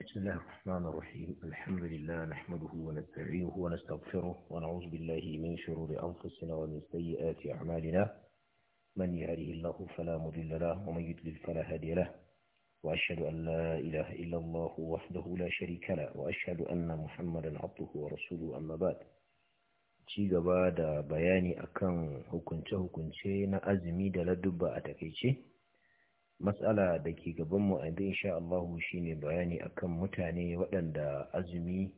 بسم الله الرحمن الرحيم الحمد لله نحمده ونستعينه ونستغفره ونعوذ بالله من شرور أنفسنا ومن سيئات أعمالنا من يهده الله فلا مضل له ومن يضلل فلا هادي له وأشهد أن لا إله إلا الله وحده لا شريك له وأشهد أن محمدا عبده ورسوله أما بعد ci gaba da bayani akan hukunce-hukunce na azumi da ladubba a takaice matsala da ke gabanmu a yanzu insha Allahu shine bayani akan mutane waɗanda azumi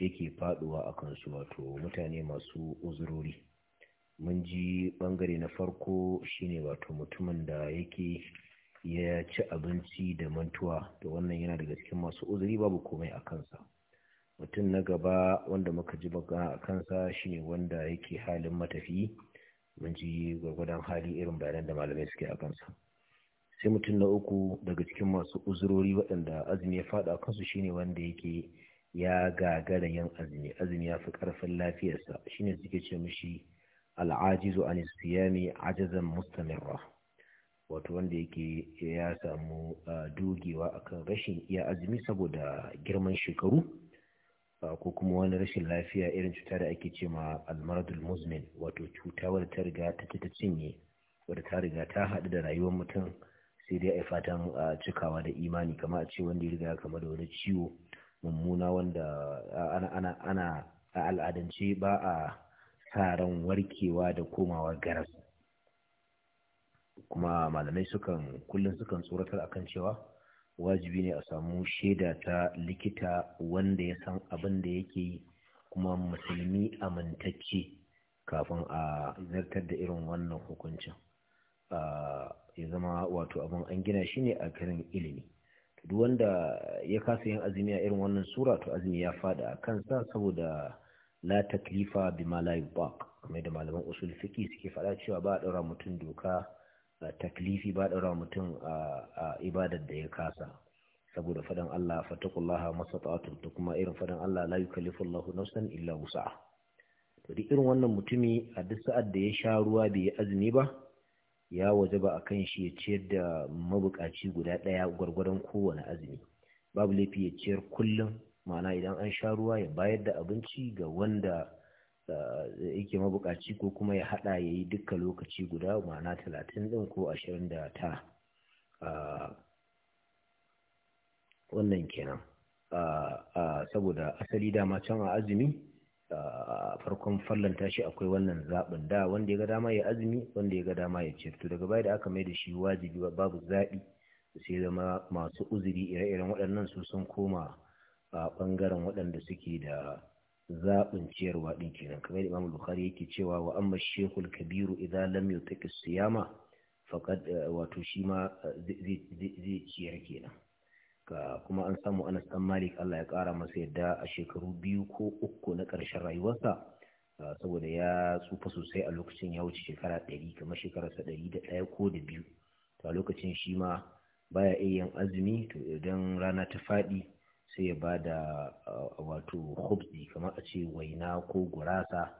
yake faɗuwa a kansu wato mutane masu uzurori mun ji bangare na farko shine wato mutumin da yake ya ci abinci da mantuwa to wannan yana daga cikin masu uzuri babu komai a kansa mutum na gaba wanda muka ji magana a kansa shine wanda yake halin matafi mun ji gwargwadon hali irin bayanan da malamai suke a kansa sai mutum na uku daga cikin masu uzurori waɗanda azumi ya faɗa kansu shine wanda yake ya gagara yin azumi azumi ya fi ƙarfin lafiyarsa shine suke ce mishi al'ajizu an siyami ajazan mustamirra wato wanda yake ya samu dogewa akan rashin iya azumi saboda girman shekaru ko kuma wani rashin lafiya irin cuta da ake ce ma almaradul muzmin wato cuta wadda ta riga ta cinye wadda ta riga ta haɗu da rayuwar mutum sai dai ai fatan a cikawa da imani kama a ce wanda ya riga ya kama da wani ciwo mummuna wanda ana a al'adance ba a sa ran warkewa da komawa garas kuma malamai sukan kullum sukan tsoratar kan cewa wajibi ne a samu shaida ta likita wanda ya san abin da yake yi kuma musulmi amintacce kafin a zartar da irin wannan hukuncin ah, ya zama wato abin an gina shi ne a karin ilimi duk wanda ya kasa yin azumi a irin wannan sura to azumi ya fada a kansa saboda la taklifa ma la yubaq kamar da malaman usul fiqi suke fada cewa ba a daura mutum doka taklifi ba a daura mutum a ibadar da ya kasa saboda fadan Allah fatakullaha masata'atun to kuma irin fadan Allah la yukallifu Allahu nafsan illa wusa'a to duk irin wannan mutumi a duk sa'ad da ya sha ruwa bai azumi ba ya wajaba a kan shi ya ciyar da mabukaci guda ɗaya gwargwaron kowane azumi babu laifi ya ciyar kullum ma'ana idan an sha ruwa ya bayar da abinci ga wanda eh, yake mabukaci ko kuma ya haɗa ya yi dukkan lokaci guda ma'ana talatin ɗin ko ashirin da ta ah, wannan kenan ah, ah, saboda asali dama can a azumi farkon fallon tashi akwai wannan zaɓin da wanda ya ga dama ya azumi wanda ya ga dama ya ce to daga baya da aka mai da shi wajibi babu zaɓi sai zama masu uzuri ire-iren waɗannan su sun koma a ɓangaren waɗanda suke da zaɓin ciyarwa ɗin kenan kamar imam bukhari yake cewa wa amma shekul kabiru idan lam yutaqi siyama faqad wato shi ma zai ciyar kenan kuma an samu Anas dan Malik Allah ya kara masa yadda a shekaru biyu ko uku na ƙarshen rayuwarsa saboda ya tsufa sosai a lokacin ya wuce shekara ɗari kamar shekararsa ɗari da ɗaya ko da biyu to a lokacin shi ma baya iya yin azumi to idan rana ta faɗi sai ya ba da uh, wato hubzi kamar a ce waina ko gurasa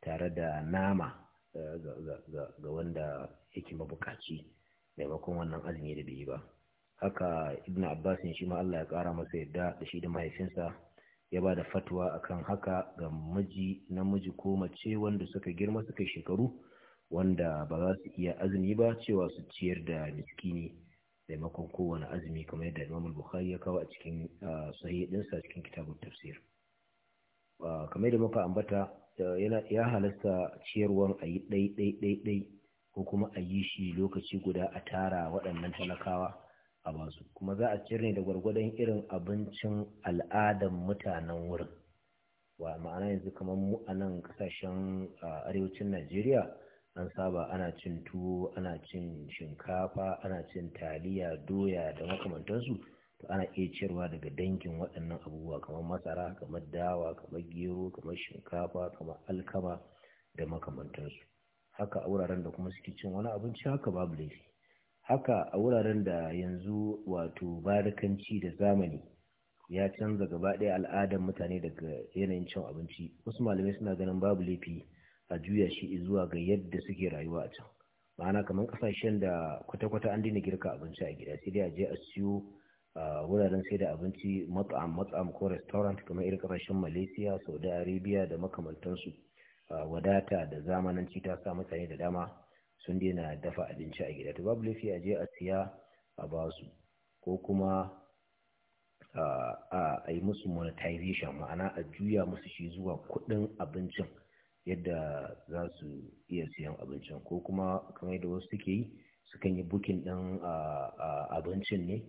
tare da nama uh, ga wanda yake mabukaci maimakon wannan azumi da bai yi ba haka ibn abbas shi ma Allah ya kara masa yadda da shi da mahaifinsa ya ba da fatwa akan haka ga miji namiji ko mace wanda suka girma suka shekaru wanda ba za su iya azumi ba cewa su ciyar da miskini maimakon kowane azumi kamar yadda Imam Bukhari ya kawo a cikin sahih ɗinsa cikin kitabun tafsir kamar da muka ambata ya halasta ciyarwan a yi dai dai dai ko kuma a yi shi lokaci guda a tara waɗannan talakawa a basu kuma za a cire da gwargwadon irin abincin al'adan mutanen wurin wa ma'ana yanzu kamar mu a nan kasashen arewacin najeriya an saba ana cin tuwo ana cin shinkafa ana cin taliya doya da makamantansu to ana iya ciyarwa daga dangin waɗannan abubuwa kamar masara kamar dawa kamar gero kamar shinkafa kamar alkama da makamantansu haka a wuraren da kuma suke cin wani abinci haka babu laifi haka a wuraren da yanzu wato barikanci da zamani ya canza gaba ɗaya al'adar mutane daga yanayin cin abinci wasu malamai suna ganin babu laifi a juya shi zuwa ga yadda suke rayuwa a can ma'ana kamar kasashen da kwata-kwata an daina girka abinci a gida sai dai a je a siyo wuraren sai da abinci matsam matsam ko restaurant kamar irin kasashen malaysia saudi arabia da makamantansu wadata da zamananci ta sa mutane da dama sun daina dafa abinci a gida to babu laifi a je a siya a basu ko kuma a yi musu monetization ma'ana a juya musu shi zuwa kuɗin abincin yadda za su iya siyan abincin ko kuma kamar yadda wasu suke yi sukan yi bukin ɗin abincin ne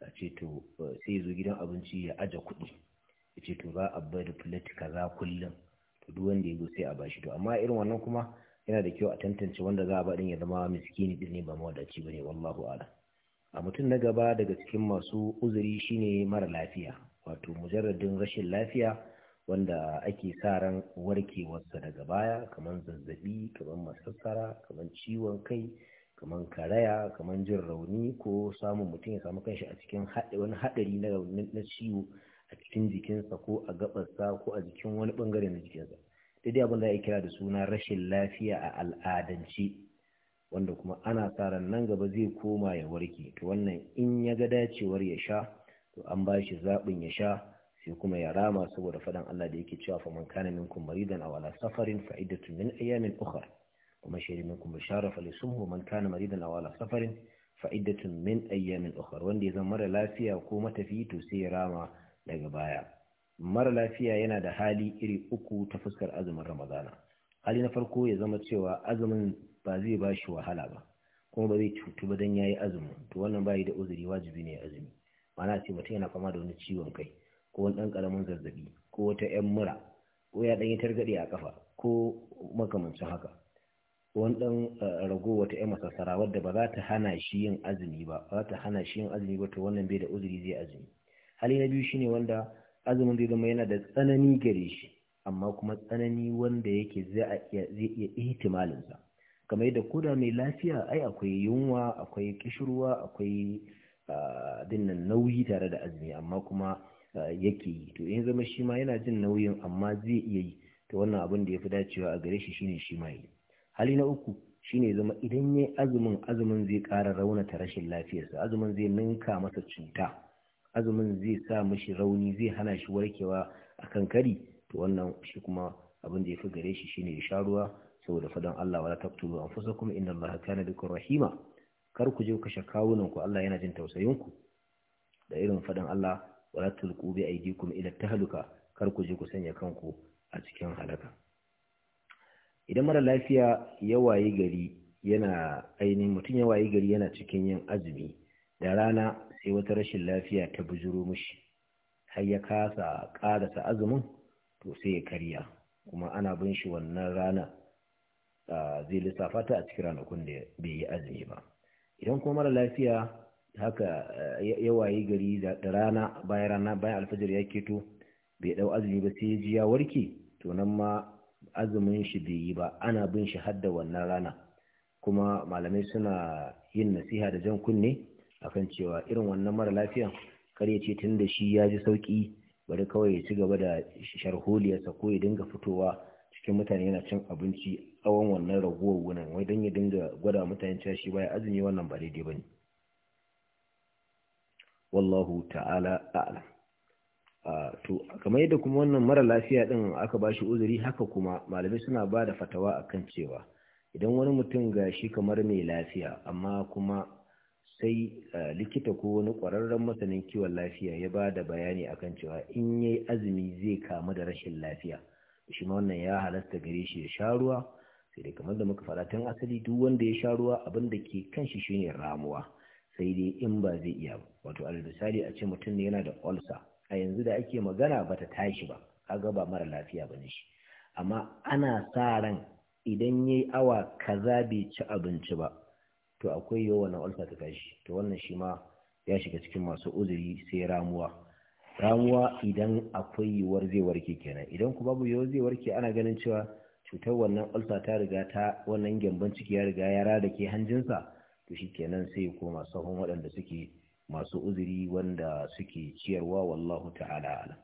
a ce to eh, sai zo gidan abinci ya aje kuɗi a ce to za a bai da kaza kullum to duk wanda ya zo sai a bashi to amma irin wannan kuma yana da kyau a tantance wanda za a baɗin ya zama miskini ɗin ba mawadaci ba ne wallahu ala a mutum na gaba daga cikin masu uzuri shine mara lafiya wato mujarradin rashin lafiya wanda ake sa ran warkewarsa daga baya kamar zazzabi kamar masassara kamar ciwon kai kamar karaya kamar jin rauni ko samun mutum ya samu kanshi a cikin wani haɗari na ciwo a cikin jikinsa ko a gabarsa ko a jikin wani bangare na jikinsa sai dai abin da ya kira da suna rashin lafiya a al'adance wanda kuma ana sa ran nan gaba zai koma ya warke to wannan in ya ga dacewar ya sha to an ba shi zaɓin ya sha sai kuma ya rama saboda faɗan Allah da yake cewa faman kana minkum maridan aw ala safarin fa iddatun min ayamin ukhra kuma shari minkum bishara fa lisumhu man kana maridan aw ala safarin fa min ayamin ukhra wanda ya zama mara lafiya ko matafi to sai ya rama daga baya mara lafiya yana da hali iri uku ta fuskar azumin ramadana hali na farko ya zama cewa azumin ba zai ba shi wahala ba kuma ba zai cutu ba don ya yi azumin to wannan ba yi da uzuri wajibi ne azumi mana ce mutum yana fama da wani ciwon kai ko wani ɗan ƙaramin zazzabi ko wata 'yan mura ko ya ɗan yi targaɗe a ƙafa ko makamancin haka wani ɗan eh, rago wata 'yan masassara wadda ba za ta hana shi yin azumi ba ba za ta hana shi yin azumi ba to wannan bai da uzuri zai azumi hali na biyu shine wanda azumin zai zama yana da tsanani gare shi amma kuma tsanani wanda yake zai iya ihtimalinsa kamar da koda mai lafiya ai akwai yunwa akwai kishirwa akwai dinnan nauyi tare da azumi amma kuma yake yi to in zama shi ma yana jin nauyin amma zai iya yi to wannan abin da ya fi dacewa a gare shi shine shi ma yi hali na uku shine zama idan yayi azumin azumin zai ƙara raunata rashin lafiyarsa azumin zai ninka masa cuta azumin zai sa mashi rauni zai hana shi warkewa a kankari to wannan shi kuma abin da ya fi gare shi shine ya sha ruwa saboda fadan Allah wala kuma anfusakum inna Allaha kana bikum rahima kar ku je ku kashe kawunan ku Allah yana jin tausayin ku da irin fadan Allah wala tulqu bi aydikum ila tahluka kar ku je ku sanya kanku a cikin halaka idan mara lafiya ya wayi gari yana ainihin mutum ya wayi gari yana cikin yin azumi da rana sai wata rashin lafiya ta bujuro mishi har ya kasa ƙarasa azumin to sai ya karya kuma ana bin shi wannan rana zai lissafa ta a cikin ranakun da bai yi azumi ba idan kuma mara lafiya haka yawayi gari da rana bayan rana bayan alfajar ya keto bai dau azumi ba sai ji ya warke to nan ma azumin shi bai yi ba ana bin shi har da wannan rana kuma malamai suna yin nasiha da jan kunne akan cewa irin wannan mara lafiyan kar ya ce tun da shi ya ji sauki bari kawai ya ci gaba da sharholiyarsa ko ya dinga fitowa cikin mutane yana cin abinci tsawon wannan raguwar wunan wai don ya dinga gwada mutane cewa shi baya azumi wannan ba daidai ba ne wallahu ta'ala a'lam to kamar yadda kuma wannan mara lafiya din aka ba shi uzuri haka kuma malamai suna ba da fatawa akan cewa idan wani mutum ga shi kamar mai lafiya amma kuma sai eh, likita ko wani ƙwararren masanin kiwon lafiya ya ba da bayani akan cewa in yi azumi zai kamu da rashin lafiya shi ma wannan ya halasta gare shi ya sha ruwa sai dai kamar da muka faɗa tun asali duk wanda ya sha ruwa abin da ke kan shi shine ramuwa sai dai in ba zai iya ba wato alal misali a ce mutum ne yana da ulsa a yanzu da ake magana ba ta tashi ba kaga ba mara lafiya ba bane shi amma ana sa ran idan yayi awa kaza bai ci abinci ba to akwai yiwuwa wannan ulcer ta tashi to wannan shi ma ya shiga cikin masu uzuri sai ramuwa ramuwa idan akwai yiwuwar zai warke kenan idan ku babu yiwuwar zai warke ana ganin cewa cutar wannan ulcer ta riga ta wannan gyambon ciki ya riga yara da ke hanjinsa to shi kenan sai koma sahun waɗanda suke masu uzuri wanda suke ciyarwa wallahu ta'ala ala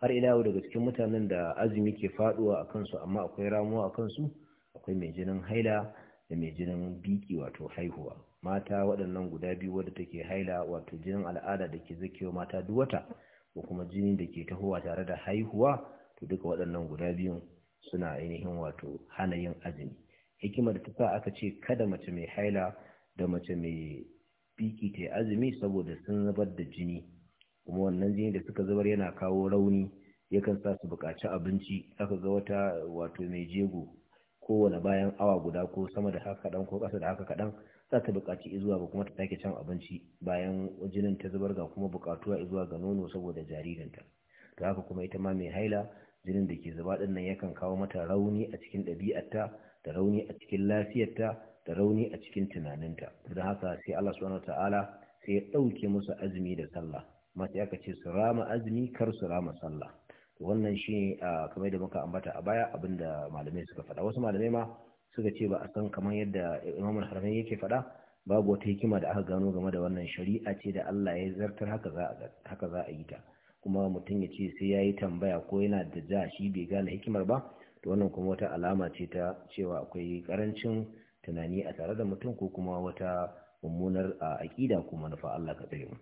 har ila daga cikin mutanen da azumi ke faduwa a kansu amma akwai ramuwa a kansu akwai mai jinin haila da mai jinin biki wato haihuwa mata waɗannan guda biyu wadda take haila wato jinin al'ada da ke zakewa mata duk wata ko kuma jinin da ke tahowa tare da haihuwa to duka waɗannan guda biyun suna ainihin wato hana yin azumi hikimar da ta sa aka ce kada mace mai haila da mace mai biki ta azumi saboda sun zubar da jini kuma wannan jini da suka zubar yana kawo rauni yakan sa su buƙaci abinci aka ga wata wato mai jego kowane bayan awa guda ko sama da haka kaɗan ko ƙasa da haka kaɗan za ta buƙaci izuwa ba kuma ta take can abinci bayan jinin ta zubar ga kuma buƙatuwa izuwa ga nono saboda jaririnta to haka kuma ita ma mai haila jinin da ke zuba ɗin nan yakan kawo mata rauni a cikin ɗabi'arta da rauni a cikin lafiyarta da rauni a cikin tunaninta don haka sai Allah subhanahu ta'ala sai ya ɗauke musu azumi da sallah mata aka ce su rama azumi kar su rama sallah wannan shi kamar da muka ambata a baya abinda malamai suka faɗa wasu malamai ma suka ce ba a san kamar yadda imamul harami yake faɗa babu wata hikima da aka gano game da wannan shari'a ce da Allah ya zartar haka za a yi ta kuma mutum ya ce sai ya yi tambaya ko yana da ja shi bai gane hikimar ba to wannan kuma wata alama ce ta cewa akwai karancin tunani a tare da mutum ko kuma wata mummunar a aƙida ko manufa Allah ka tsare mu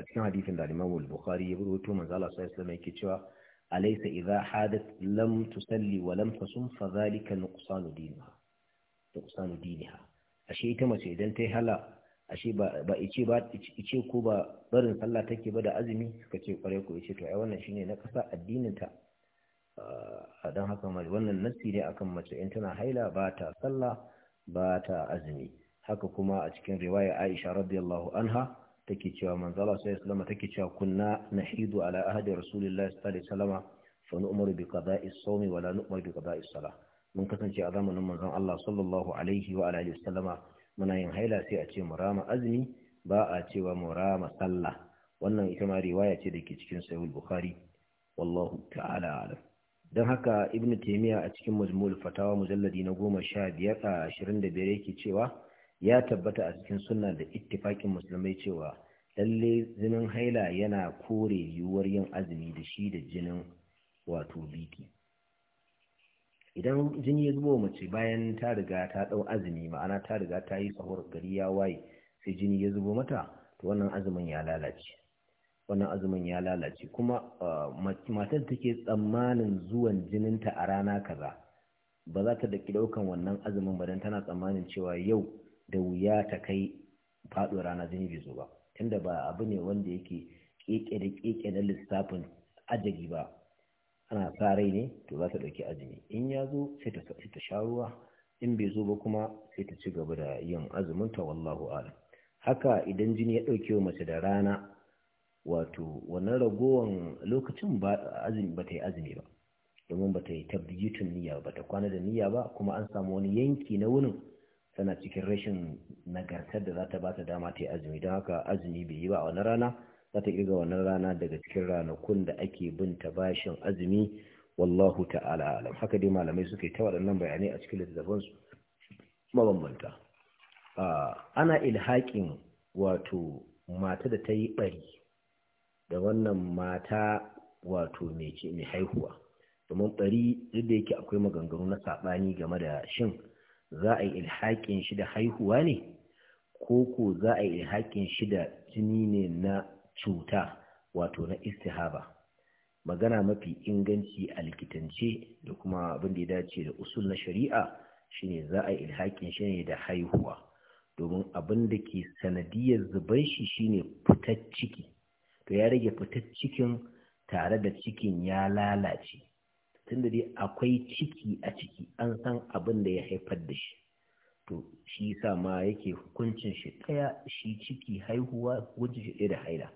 a cikin hadisin da Imam al-Bukhari ya rubuto manzo Allah sallallahu alaihi wasallam yake cewa alaysa idha hadat lam tusalli wa lam tasum fa dhalika nuqsanu dinha nuqsanu dinha ashe ita mace idan ta hala ashe ba ba ice ba ice ko ba barin sallah take ba da azumi suka ce kware ko ice to ai wannan shine na kasa addinin ta A ah, dan haka wannan nassi ne akan mace in tana haila ba ta sallah ba ta azumi haka kuma a cikin riwaya Aisha radiyallahu anha take cewa manzala sai sallama take cewa kunna nahidu ala ahdi rasulillahi sallallahu alaihi wasallam fa nu'maru bi qada'i sawmi wa la nu'maru bi qada'i salah mun kasance a zamanin manzon Allah sallallahu alaihi wa alihi wasallama muna yin haila sai a ce murama azmi ba a cewa murama sallah wannan ita ma riwaya ce da ke cikin sahih bukhari wallahu ta'ala alam don haka ibn taymiya a cikin majmul fatawa mujalladi na 15 a 25 yake cewa ya tabbata a cikin sunna da ittifakin musulmai cewa lalle jinin haila yana kore yiwuwar yin azumi da shi da jinin wato biki idan jini ya zubo mace bayan ta riga ta ɗau azumi ma'ana ta riga ta yi sahur gari ya waye sai jini ya zubo mata to wannan azumin ya lalace wannan azumin ya lalace kuma uh, matar take tsammanin zuwan jininta a rana kaza ba za ta daki daukan wannan azumin ba dan tana tsammanin cewa yau da wuya ta kai faɗo rana zai bai zo ba tunda ba abu ne wanda yake keke da keke na lissafin ajali ba ana sa rai ne to za ta ɗauki azumi in ya zo sai ta sha ruwa in bai zo ba kuma sai ta ci gaba da yin azumin ta wallahu alam haka idan jini ya ɗauke wa mace da rana wato wannan ragowan lokacin ba ta yi azumi ba domin ba ta yi tabbiyutun niyya ba ta kwana da niyya ba kuma an samu wani yanki na wunin tana cikin rashin nagartar da za ta ba ta dama ta yi azumi don haka azumi bai yi ba a wani rana za ta kirga wannan rana daga cikin ranakun da ake bin ta bashin azumi wallahu ta'ala alam haka dai malamai suke ta waɗannan bayanai a cikin littattafansu mabambanta ana ilhakin wato mata da ta yi ɓari da wannan mata wato mai haihuwa domin ɓari duk da yake akwai maganganu na saɓani game da shin za a yi ilhaƙin shi da haihuwa ne ko ko za a yi ilhaƙin shi da jini ne na cuta wato na istihaba magana mafi inganci a likitance da kuma abin da ya dace da usul na shari'a shine za a yi ilhaƙin shi ne da haihuwa domin abin da ke sanadiyar zubar shi shine fitar ciki to ya rage fitar cikin tare da cikin ya lalace tunda dai akwai ciki a ciki an san abin da ya haifar da shi to shi yasa ma yake hukuncin shi ɗaya shi ciki haihuwa hukuncin shi da haila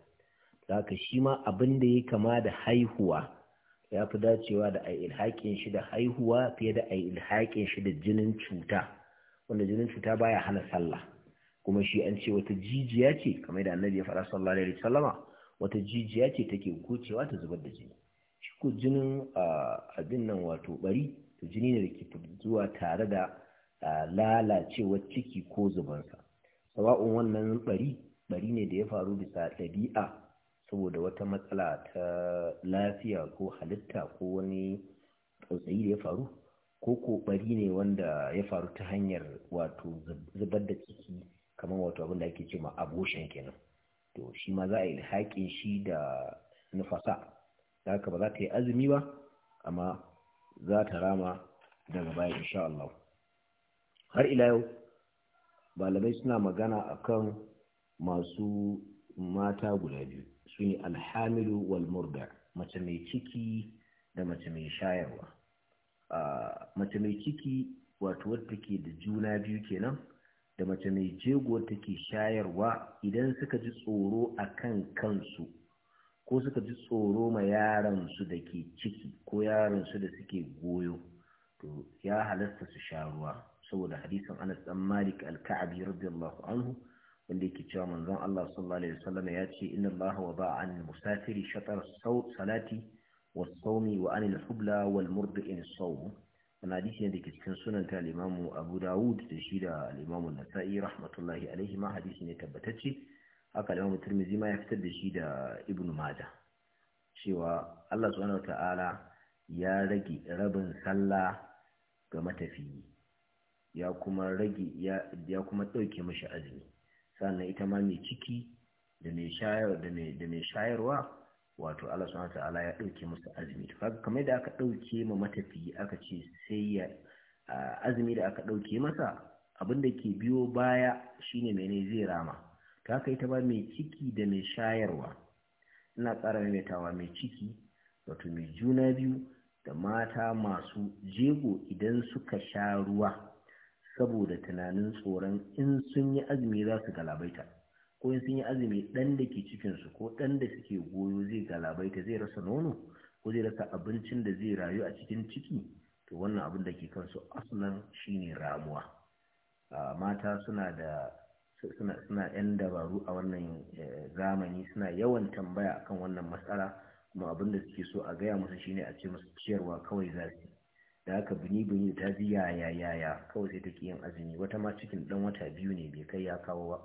haka shi ma abin da ya kama da haihuwa ya fi dacewa da ai ilhaƙin shi da haihuwa fiye da ai ilhaƙin shi da jinin cuta wanda jinin cuta baya hana sallah kuma shi an ce wata jijiya ce kamar da annabi ya faɗa sallallahu alaihi wasallama wata jijiya ce take gocewa ta zubar da jini ku jinin abin nan wato bari jini ne da ke zuwa tare da lalacewar ciki ko zubansa sawa'un wannan bari bari ne da ya faru bisa ɗabi'a saboda wata matsala ta lafiya ko halitta ko wani tsautsayi da ya faru ko bari ne wanda ya faru ta hanyar wato zubar da ciki kamar wato abin da ake ce ma abortion kenan to shi ma za a yi haƙin shi da nufasa da haka ba za ta yi azumi ba amma za ta rama daga baya insha Allah har ila yau malamai suna magana akan masu mata guda biyu su ne alhamilu wal murda mace mai ciki da mace mai shayarwa mace mai ciki wato wadda ke da juna biyu kenan da mace mai jego take shayarwa idan suka ji tsoro akan kansu ko suka ji tsoro ma yaran su da ke ciki ko yaran su da suke goyo to ya halasta su sha ruwa saboda hadisin Anas dan Malik al-Ka'bi radiyallahu anhu wanda yake cewa manzon Allah sallallahu alaihi wasallam ya ce inna Allah wada an musafiri shatar salati was sawmi wa an al-hubla wal murdi'in sawm wannan hadisi ne da ke cikin sunan ta al-Imam Abu Dawud da shi da imam nasai rahmatullahi alaihi ma hadisi ne tabbatacce haka da Tirmidhi ma ya fitar da shi da Ibn maja cewa Allah subhanahu wataala ya rage rabin sallah ga matafi ya kuma rage ya kuma dauke mashi azumi sannan ita ma mai ciki da mai shayar da mai da mai shayarwa wato Allah subhanahu wataala ya dauke musu azumi kamar da aka dauke ma matafiyi aka ce sai ya azumi da aka dauke masa abin da ke biyo baya shine mene zai rama ta kai ta ba mai ciki da mai shayarwa ina ƙara maimaitawa mai ciki wato mai juna biyu da mata masu jego idan suka sha ruwa saboda tunanin tsoron in sun yi azumi za su galabaita ko in sun yi azumi ɗan da ke cikinsu ko ɗan da suke goyo zai galabaita zai rasa nono ko zai rasa abincin da zai rayu a cikin ciki to wannan abin da ke kansu shi shine ramuwa ah, mata suna da suna yan dabaru a wannan eh, zamani suna yawan tambaya akan wannan matsala kuma abin da suke so a gaya musu shine a ce musu ciyarwa kawai za su da haka bini bini ta ji yaya yaya kawai sai take yin azumi wata ma cikin dan wata biyu ne bai kai ya kawo ba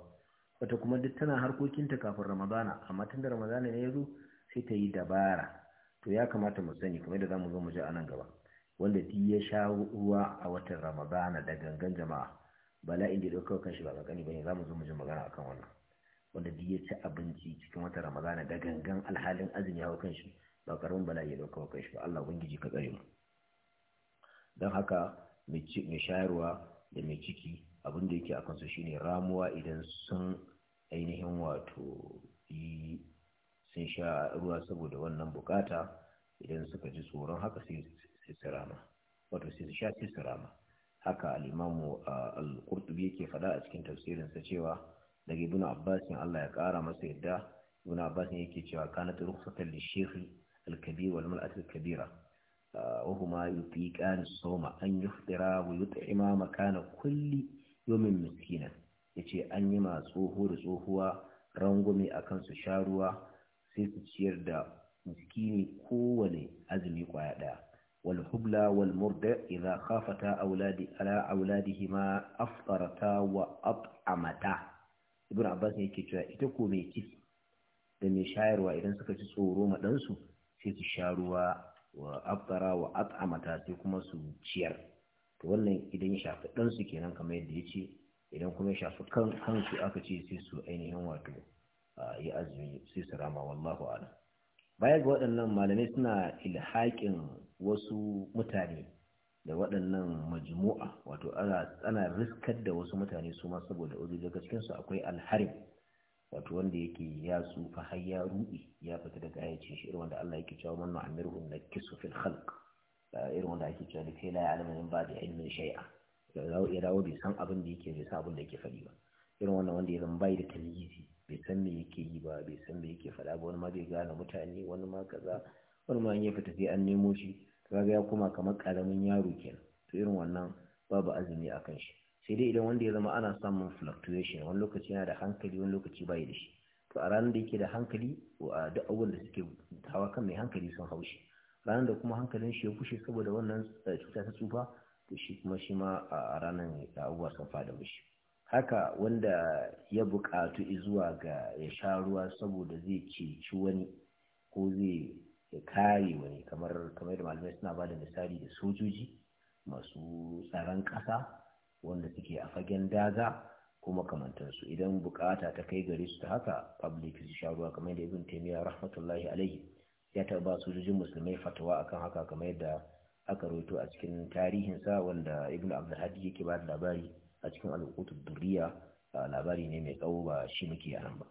wata kuma duk tana harkokinta kafin ramadana amma tun da ramadana ne ya zo sai ta yi dabara to ya kamata mu sani kamar da za mu zo mu ji a nan gaba wanda duk ya sha ruwa a watan ramadana da gangan jama'a bala'in da ya ɗauka kan shi ba kankani ba ne za mu zo mu ji magana akan wannan wanda duk ya ci abinci cikin wata ramadana da gangan alhalin azumi ya kan shi ba karamin bala'i ya ɗauka kan shi ba Allah ubangiji ka tsare mu don haka mai shayarwa da mai ciki abin da yake akan su shine ramuwa idan sun ainihin wato yi sun sha ruwa saboda wannan bukata idan suka ji tsoron haka sai su wato sai sha sai su rama haka al-imamu al-qurtubi yake fada a cikin tafsirin sa cewa daga ibnu abbas in Allah ya kara masa yadda ibnu abbas yake cewa kanat rukhsatan li shaykh al-kabir wal mar'at al-kabira wa huma yutiqan as-sawma an yuftira wa yut'ima makana kulli yawmin miskina yace an yi ma tsoho da tsohuwa rangumi akan su sha ruwa sai su ciyar da miskini kowane azumi kwaya daya والحبلى والمرضع إذا خافتا أولاد على أولادهما أفطرتا وأطعمتا ابن عباس yake cewa ita ko mai kifi da mai shayarwa idan suka ci tsoro ma ɗansu sai su sha ruwa wa aftara wa at'amata sai kuma su ciyar to wannan idan ya shafi ɗansu kenan kamar yadda ya ce idan kuma ya shafi kan kansu aka ce sai su ainihin wato yi azumi sai su rama wallahu a'lam baya ga waɗannan malamai suna ilhaƙin wasu mutane da waɗannan majmu'a wato ana riskar da wasu mutane su ma saboda uzu daga cikinsu akwai alharin wato wanda yake ya tsufa har ya ruɗe ya fita daga ayyacin shi irin wanda Allah yake cewa man ma'amirhu na kisu fil khalq irin wanda ake cewa kai la ya'lamu min ba'di ilmin shay'a da zawo ya dawo bai san abin da yake bai san abin da yake faɗi ba irin wannan wanda ya zama bai da talizi bai san me yake yi ba bai san me yake faɗa ba wani ma bai gane mutane wani ma kaza wani ma in ya fita sai an nemo shi kaga ya koma kamar karamin yaro kenan to irin wannan babu azumi a kan shi sai dai idan wanda ya zama ana samun fluctuation wani lokaci yana da hankali wani lokaci bai da shi to a ranar da yake da hankali a duk abubuwan da suke hawa kan mai hankali sun hau shi ranar da kuma hankalin shi ya kushe saboda wannan eh, cuta ta tsufa to shi kuma shi ma a ranar da abubuwa sun fada mishi haka wanda ya buƙatu zuwa ga ya sha ruwa saboda zai ci wani ko zai ya kare wani kamar kamar da malamai suna ba da misali da sojoji masu tsaron ƙasa wanda suke a fagen daga ko kamantansu idan bukata ta kai gare su ta haka public su sha ruwa kamar da ibn taymiya rahmatullahi alaihi ya taɓa ba sojojin musulmai fatawa akan haka kamar yadda aka rawaito a cikin tarihin sa wanda ibn abdulhadi yake bada labari a cikin al'ukutu durriya labari ne mai tsawo ba shi muke yaran ba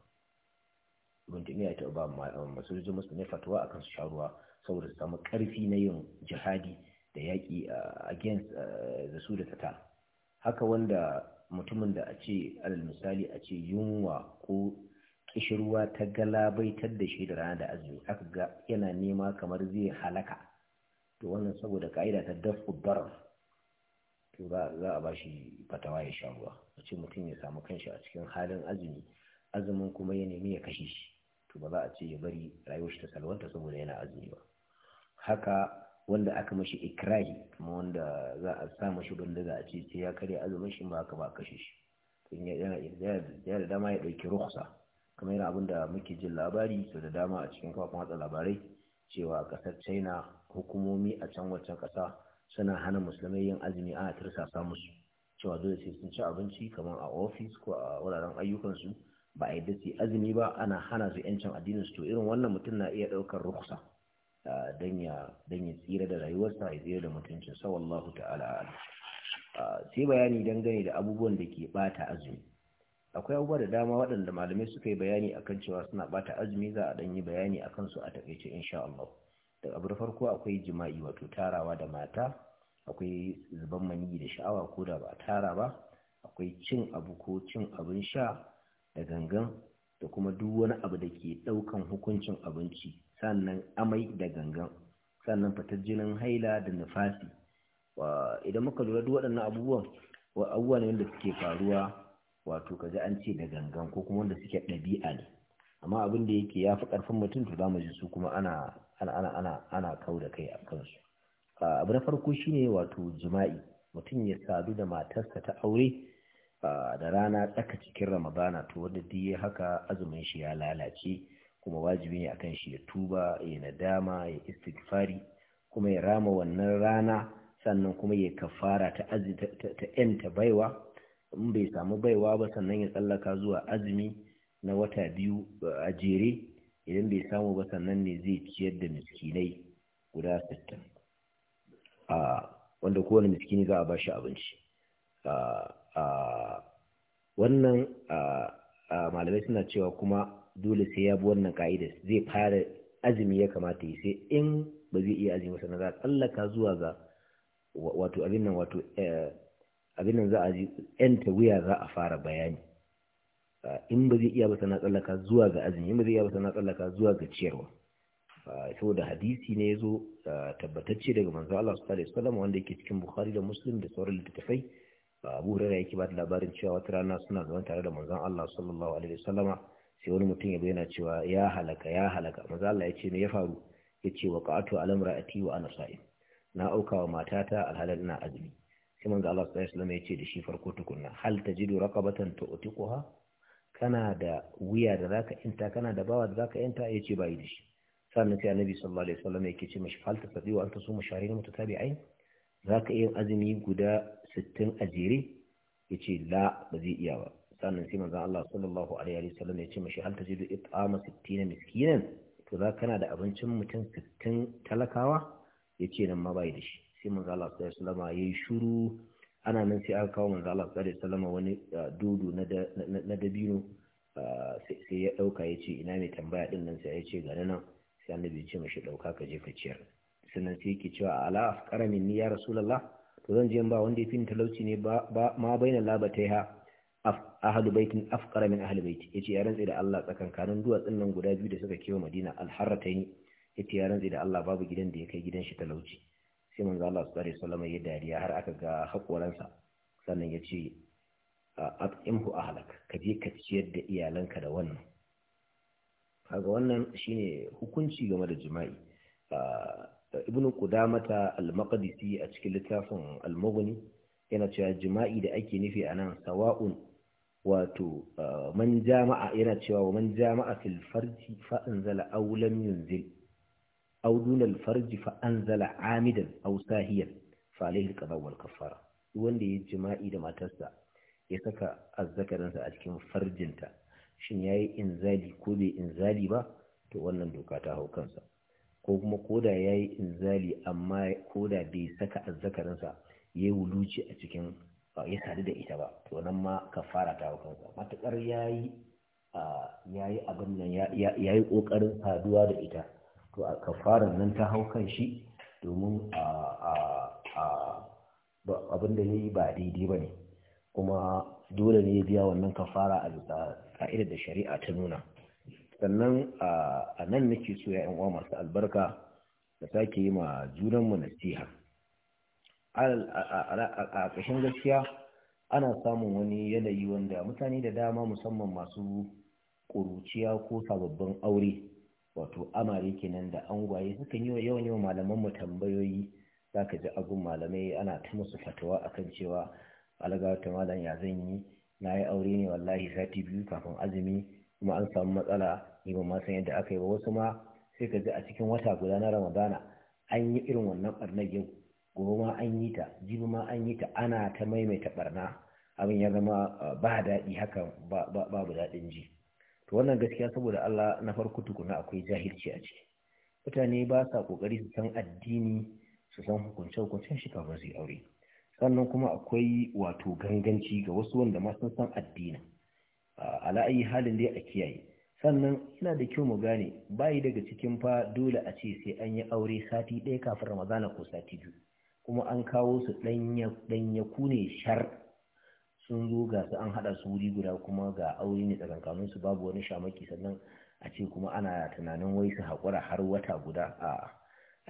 ibn taymiya ta ba eh, masu fatuwa fatawa kan su ruwa saboda su samu karfi na yin jihadi da yaƙi eh, against eh, da su da tata haka wanda mutumin da a ce alal misali a ce yunwa ko kishirwa ta galabaitar da shi da rana da azumi aka ga yana nema kamar zai halaka to wannan saboda ka'ida ta dafu barar to za a ba shi fatawa ya sha ruwa a ce mutum ya samu kanshi a cikin halin azumi azumin kuma ya nemi ya kashe shi to ba za a ce ya bari rayuwar shi ta salwanta saboda yana azumi ba haka wanda aka mashi ikrahi kuma wanda za a sa mashi banda za a ce sai ya karya azumin shi ba haka ba kashe shi yana da dama ya ɗauki rukhsa kamar yana abin da muke jin labari sau da dama a cikin kafafen watsa labarai cewa ƙasar china hukumomi a can waccan ƙasa suna hana musulmai yin azumi ana tirsasa musu cewa dole sai sun ci abinci kamar a ofis ko a wuraren ayyukansu ba a yadda su azumi ba ana hana su yancin addinin su to irin wannan mutum na iya ɗaukar ruksa don ya tsira da rayuwarsa ya tsira da mutuncin sa wallahu ta'ala sai bayani dangane da abubuwan da ke bata azumi akwai abubuwa da dama waɗanda malamai suka yi bayani akan cewa suna bata azumi za a ɗanyi bayani a kansu a taƙaice, insha Allah da abu farko akwai jima'i wato tarawa da mata akwai zuban da sha'awa ko da ba tara ba akwai cin abu ko cin abin sha da gangan da kuma duk wani abu da ke ɗaukan hukuncin abinci sannan amai da gangan sannan fitar jinin haila da nufasi idan muka lura duk waɗannan abubuwan abubuwa ne wanda suke faruwa wato ka ji an ce da gangan ko kuma wanda suke ɗabi'a ne amma abin da yake ya fi ƙarfin mutum to za ji su kuma ana ana ana ana ana kau da kai a kansu abu na farko shine wato jima'i mutum ya sadu da matarsa ta aure Ah, da rana tsaka cikin ramadana to wanda duk ya haka azumin shi ya lalace kuma wajibi ne akan shi ya tuba ya nadama ya istighfari kuma ya rama wannan rana sannan kuma ya kafara ta ta yanta baiwa in bai samu baiwa ba sannan ya tsallaka zuwa azumi na wata biyu ah, a jere idan bai samu ba sannan ne zai ciyar da miskinai guda sittin ah, wanda kowane miskini za a ba shi abinci wannan malamai suna cewa kuma dole sai ya bi wannan ka'ida zai fara azumi ya kamata yi sai in ba zai iya azumi sannan za a tsallaka zuwa ga wato abin nan wato e, abin nan za a ji yanta wuya za a fara bayani in ba zai iya ba sannan tsallaka zuwa ga azumi in ba zai iya ba sannan tsallaka zuwa ga ciyarwa saboda hadisi ne ya zo tabbatacce daga manzo Allah sallallahu alaihi wasallam wanda yake cikin Bukhari da Muslim da sauran littattafai abu hurera yake ba da labarin cewa wata rana suna zama tare da manzon Allah sallallahu alaihi wasallama sai wani mutum ya bayyana cewa ya halaka ya halaka manzon Allah ya ce me ya faru ya ce wa qatu ala wa ana sa'im na auka wa matata alhalal ina azumi sai manzon Allah sallallahu alaihi ya ce da shi farko tukunna hal tajidu raqabatan tu'tiquha kana da wuya da zaka inta kana da bawa da zaka inta ya ce bai da shi sannan sai annabi sallallahu alaihi wasallama yake ce mashi hal wa an sumu shahrin mutatabi'ain za ka iya azumi guda sittin a jere ya ce la ba zai iya ba sannan sai manzan Allah sallallahu alaihi wa sallam ya ce mashi halta jidu it'ama sittina miskinan to za kana da abincin mutum sittin talakawa ya ce nan ma bai da shi sai manzan Allah sallallahu alaihi wa ya yi shuru ana nan sai aka kawo manzan Allah sallallahu alaihi wa wani ah, dudu na dabino ah, sai ya ɗauka ya ce ina mai tambaya ɗin nan sai ya ce ga nan sai annabi ya ce mashi ɗauka ka je ka ciyar sannan sai yake cewa ala afqara ni ya rasulullah to zan je ba wanda yafi ni talauci ne ba ma baina ha ahlu baitin afqara min ahli baiti yace ya rantsi da Allah tsakankanin duwatsun nan guda biyu da suka kewa Madina alharrataini yace ya rantsi da Allah babu gidan da ya kai gidan shi talauci sai manzo Allah sallallahu alaihi wasallam ya dariya har aka ga hakoransa sannan yace at'imhu ahlak ka je ka ciyar da iyalanka da wannan kaga wannan shine hukunci game da jima'i ibn qudamata al-maqdisi a cikin littafin al-mughni yana cewa jima'i da ake nufi anan sawa'un wato man jama'a yana cewa wa man jama'a fil farji fa anzala aw lam yunzil aw dun al farji fa anzala amidan aw sahiyan fa alayhi al wal kaffara wanda ya jima'i da matarsa ya saka azzakarinsa a cikin farjinta shin yayi inzali ko bai inzali ba to wannan doka ta hau kansa ko kuma koda ya yi inzali amma koda bai saka azzakarinsa ya yi wuluci a cikin ya sadu da ita ba to nan ma ka fara ta kansa matuƙar ya yi ya yi abin nan ya yi ƙoƙarin saduwa da ita to a kafaran nan ta hau kan shi domin abin da ya yi ba daidai ba ne kuma dole ne ya biya wannan kafara a bisa da shari'a ta nuna sannan a nan nake so ya uwa masu albarka da sake yi ma junan mu nasiha a ƙashin gaskiya ana samun wani yanayi wanda mutane da dama musamman masu ƙuruciya ko sababbin aure wato amare kenan da angwaye suka yi wa yawan yawan mu tambayoyi za ka ji abun malamai ana ta musu fatawa akan cewa algawata malam ya zan yi na yi aure ne wallahi sati biyu kafin azumi kuma an samu matsala ni ba ma san yadda aka yi ba wasu ma sai ka ji a cikin wata guda na ramadana an yi irin wannan barna yau gobe ma an yi ta jibi ma an yi ta ana ta maimaita barna abin ya zama ah, ba daɗi haka babu daɗin ji to wannan gaskiya saboda Allah na farko tukuna akwai jahilci a ciki mutane ba sa kokari su san addini su san hukunce hukuncen shi kafin su yi aure sannan kuma akwai wato ganganci ga wasu wanda ma sun san addinin ah, ala ayi halin dai a kiyaye sannan yana da kyau mu gane bayi daga cikin fa dole a ce sai an yi aure sati ɗaya kafin ramadana ko sati biyu kuma an kawo su ɗanya ne shar sun zo ga su an haɗa su wuri guda kuma ga aure ne tsakankanin su babu wani shamaki sannan a ce kuma ana tunanin wai su haƙura har wata guda a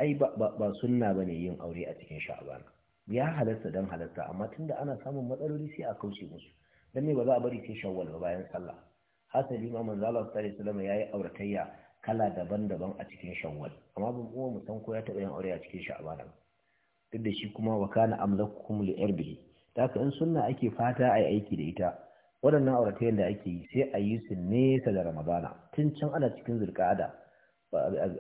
ai ba sunna ba ne yin aure a cikin sha'aban ya halarta don halarta amma tunda ana samun matsaloli sai a kauce musu don me ba za a bari sai shawwal ba bayan sallah hasali ma manzo Allah sallallahu alaihi wasallam yayi auratayya kala daban-daban a cikin shawwal amma ban kuma mu san ko ya taɓa yin aure a cikin sha'ban duk da shi kuma wa kana amlakukum li irbihi da in sunna ake fata a aiki da ita waɗannan auratayyar da ake yi sai a yi su nesa da ramadana tun can ana cikin zulƙada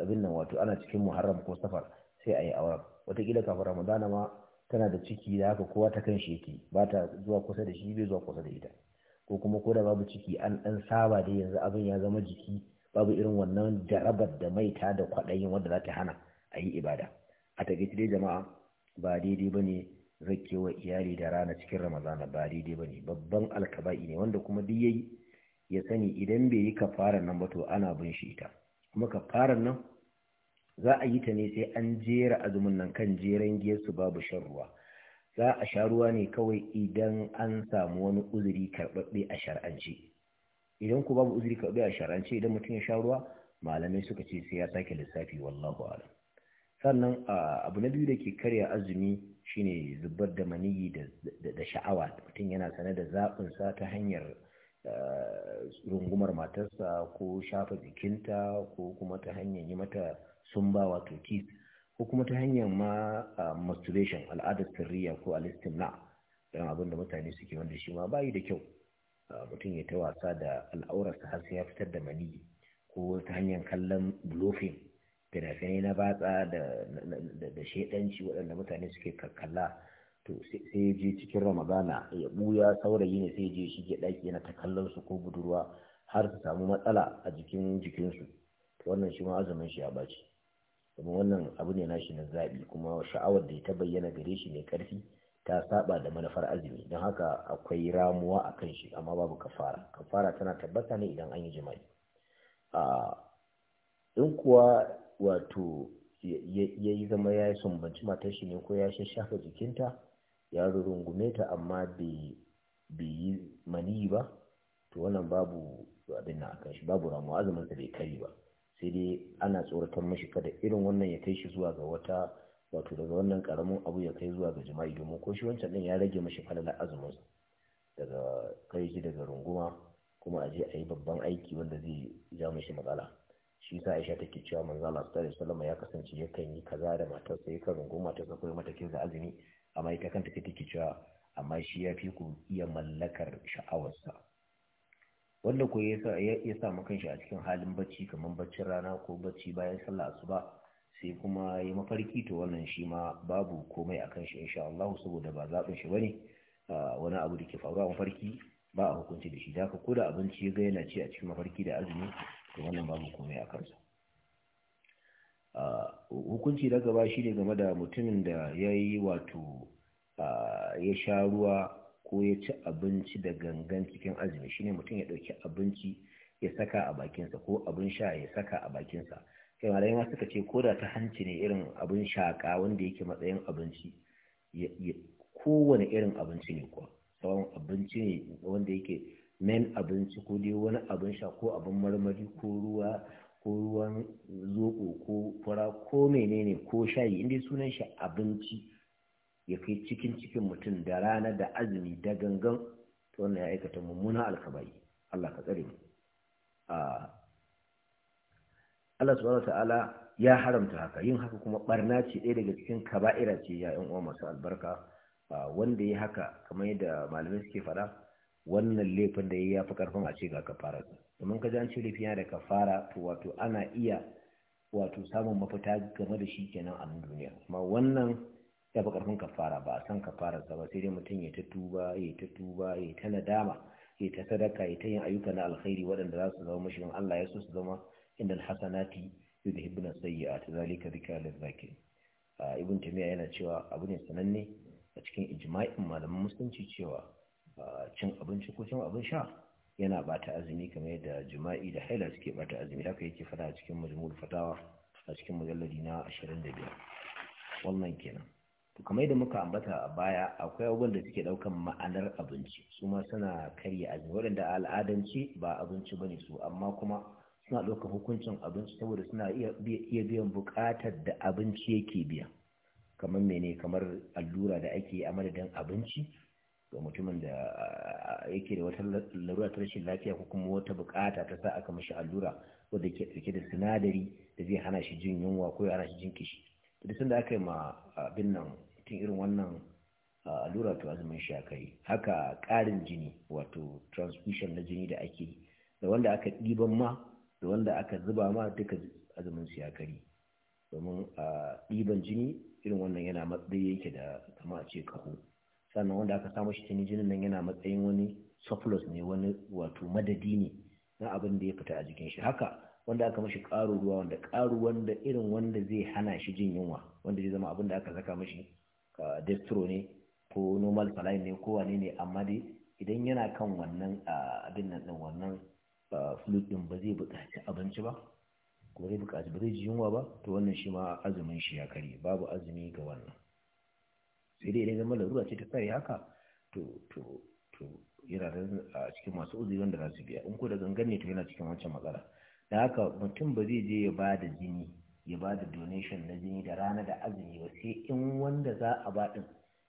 abin nan wato ana cikin muharram ko safar sai a yi auren wataƙila kafin ramadana ma tana da ciki da haka kowa ta kan sheki. ba ta zuwa kusa da shi bai zuwa kusa da ita ko kuma ko da babu ciki an ɗan saba da yanzu abin ya zama jiki babu irin wannan jarabar da maita da kwaɗayin wanda za ta hana a yi ibada a taƙaice dai jama'a ba daidai ba ne zakewa iyali da rana cikin ramadana ba daidai ba ne babban alkaba'i ne wanda kuma duk yayi ya sani idan bai yi kafaran nan ba to ana bin shi ita kuma kafaran nan za a yi ta ne sai an jera azumin nan kan jeren giyarsu babu shan ruwa za a sha ruwa ne kawai idan an samu wani uzuri karɓaɓɓe a shar'ance idan ku babu uzuri karɓaɓɓe a shar'ance idan mutum ya sha ruwa malamai suka ce sai ya sake lissafi wallahu ala. sannan abu na biyu da ke karya azumi shine zubar da maniyi da sha'awa mutum yana sane da zaɓinsa ta hanyar rungumar matarsa ko shafa jikinta ko kuma ta hanyar yi mata sumba wato kisa. ko kuma ta hanyar ma masturbation al'adar sirriya ko alistimna don abin da mutane suke wanda shi ma bayi da kyau mutum ya ta wasa da al'aurarsa har sai ya fitar da maniyi ko ta hanyar kallon bulofin fina-finai na batsa da shaidanci waɗanda mutane suke kalla to sai je cikin ramadana ya buya saurayi ne sai je shi ɗaki yana ta kallon su ko budurwa har su samu matsala a jikin jikinsu to wannan shi ma azumin shi ya baci kuma wannan abu ne nashi na zaɓi kuma sha'awar da ta bayyana gare shi mai ƙarfi ta saba da manufar azumi don haka akwai ramuwa a kan shi amma babu kafara kafara tana tabbata ne idan an yi jima'i in kuwa wato ya yi zama ya sumbanci matar shi ne ko ya shafa jikinta ya rungume ta amma bai yi mani ba to wannan babu abin na akan shi babu ramuwa azumin sa bai kari ba sai dai ana tsoratar mashi kada irin wannan ya kai shi zuwa ga wata wato daga wannan karamin abu ya kai zuwa ga jima'i domin ko shi wancan din ya rage mashi falalar azumin daga kai shi daga runguma kuma a je a yi babban aiki wanda zai ja mashi matsala shi sa aisha take cewa manzo Allah sallallahu alaihi ya kasance yakan yi kaza da matarsa yakan runguma ta zakoi mata kirga azumi amma ita kanta take cewa amma shi ya fi ku iya mallakar sha'awarsa wanda ko ya samu kanshi a cikin halin bacci kamar baccin rana ko bacci bayan sallah asuba sai kuma ya mafarki to wannan shi ma babu komai a kanshi insha Allah saboda ba zaɓin shi bane wani abu da ke faruwa mafarki ba a hukunci da shi da ko da abinci ya ga yana ci a cikin mafarki da azumi to wannan babu komai a kansa hukunci na gaba shi ne game da mutumin da ya yi wato ya sha ruwa ko ya ci abinci da gangan cikin azumi shine mutum ya ɗauki abinci ya saka a bakinsa ko abin sha ya saka a bakinsa kai malayin ma suka ce koda ta hanci ne irin abin shaƙa wanda yake matsayin abinci kowane irin abinci ne kuwa tsawon abinci ne wanda yake men abinci ko dai wani abin sha ko abin marmari ko ruwa ko ruwan zoɓo ko fura ko menene ko shayi inda sunan shi abinci ya kai cikin cikin mutum da rana da azumi da gangan to wannan ya aikata mummunan alkabari. Allah ka tsare mu Allah subhanahu ta'ala ya haramta haka yin haka kuma barna ce ɗaya daga cikin kaba'ira ce ya yan uwa masu albarka wanda ya haka kamar yadda malamai suke faɗa wannan laifin da ya yafi karfin a ce ga kafara domin ka ji an ce laifin yana da kafara to wato ana iya wato samun mafita game da shi kenan a duniya amma wannan ya fi ƙarfin kafara ba a san kafara ba sai dai mutum ya ta tuba ya ta tuba ya ta nadama ya ta sadaka ya ta yin ayyuka na alkhairi waɗanda za su zama mashirin Allah ya so su zama inda alhasanati yudhibun sayyi'at zalika da zaki ibn tamiya yana cewa abu ne sananne a cikin ijma'in malaman musulunci cewa cin abinci ko cin abin sha yana bata azumi kamar yadda jima'i da haila suke bata azumi haka yake fada a cikin majmu'ul fatawa a cikin mujalladi na ashirin da 25 wannan kenan to kamar da muka ambata a baya akwai abubuwan da suke daukan ma'anar abinci su ma suna karya azumi waɗanda al'adance ba abinci bane su amma kuma suna ɗaukar hukuncin abinci saboda suna iya biyan buƙatar da abinci yake biya kamar mene kamar allura da ake a madadin abinci ga mutumin da yake da wata larura ta rashin lafiya ko kuma wata buƙata ta sa aka mashi allura wadda ke ɗauke da sinadari da zai hana shi jin yunwa ko ya hana shi jin kishi da sanda aka yi ma abin nan cikin irin wannan allura to azumin shi aka yi haka ƙarin jini wato transfusion na jini da ake yi da wanda aka ɗiban ma da wanda aka zuba ma duka azumin su ya kari domin ɗiban jini irin wannan yana matsayi yake da kama a ce kaho sannan wanda aka samu shi tuni jinin nan yana matsayin wani surplus ne wani wato madadi ne na abin da ya fita a jikin shi haka wanda aka mashi karo ruwa wanda karo wanda irin wanda zai hana shi jin yunwa wanda zai zama abin da aka saka mashi Eh, distro ne ko normal saline ne ko wane ne amma dai idan yana kan wannan eh, abin nan din wannan eh, fluid din ba zai buƙaci abinci ba ko zai buƙaci ba zai ji yunwa ba to wannan shi ma azumin shi ya kare babu azumi ga wannan sai dai idan zama larura ce ta tsare haka to to to yana a cikin masu uzuri wanda za su biya in ko da gangan ne to yana cikin wancan matsala da haka mutum ba zai je ya ba da jini ya ba da donation na jini da rana da azumi ba sai in wanda za a ba din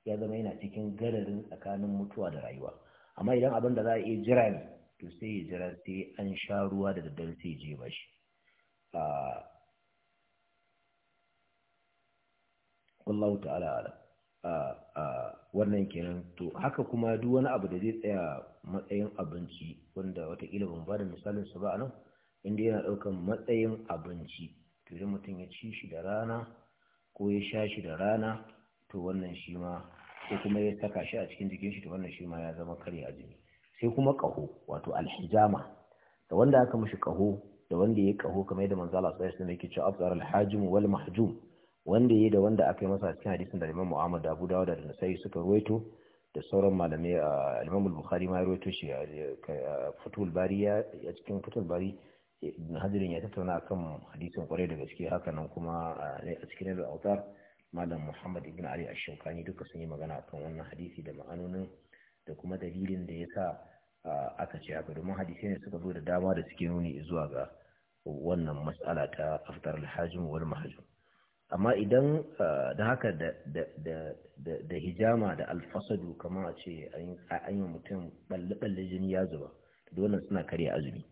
ya zama yana cikin gararin tsakanin mutuwa da rayuwa amma idan abin da za a iya jira ne to sai ya jira sai an sha ruwa da daddare sai je ba shi Allah ta'ala wannan kenan to haka kuma duk wani abu da zai tsaya matsayin abinci wanda watakila ban ba da misalin su ba nan inda yana daukan matsayin abinci idan mutum ya ci shi da rana ko ya sha shi da rana to wannan shi ma ko kuma ya saka shi a cikin jikin shi to wannan shi ma ya zama karya jini. sai kuma kaho wato alhijama da wanda aka mishi kaho da wanda ya kaho kamar yadda manzo Allah sallallahu alaihi wasallam yake cewa afdar alhajim wal mahjum wanda ya da wanda aka yi masa cikin hadisin da Imam Muhammad Abu Dawud da Nasa'i suka ruwaito da sauran malamai Imam Bukhari ma ya ruwaito shi a Fathul Bari a cikin Fathul Bari ibn ya tattauna kan hadisin kwarai da gaske haka nan kuma a cikin da autar malam muhammad ibn ali ash shinkani duka sun yi magana kan wannan hadisi da ma'anonin da kuma dalilin da ya sa aka ce haka domin hadisai ne suka zo da dama da suke nuni zuwa ga wannan matsala ta aftar alhajim wal mahajim amma idan da haka da hijama da alfasadu kamar a ce an yi mutum balle-balle jini ya zuba dole suna karya azumi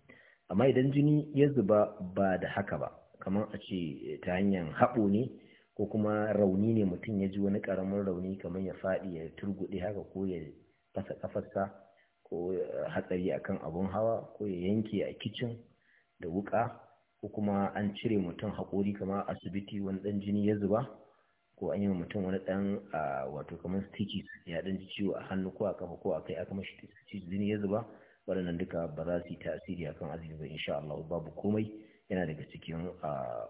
amma idan jini ya zuba ba da haka ba kamar a ce ta hanyar haɓo ne ko kuma rauni ne mutum ya ji wani ƙaramin rauni kamar ya faɗi ya turguɗe haka ko ya fasa ƙafarsa ko hatsari akan abun hawa ko ya yanke a kicin da wuƙa ko kuma an cire mutum haƙori kamar asibiti wani ɗan jini ya zuba ko an yi mutum wani ɗan wato kamar stitches ya ɗan ji ciwo a hannu ko a kafa ko a kai aka mashi stitches jini ya zuba waɗannan duka ba za su yi tasiri akan azumi ba insha Allah babu komai yana daga cikin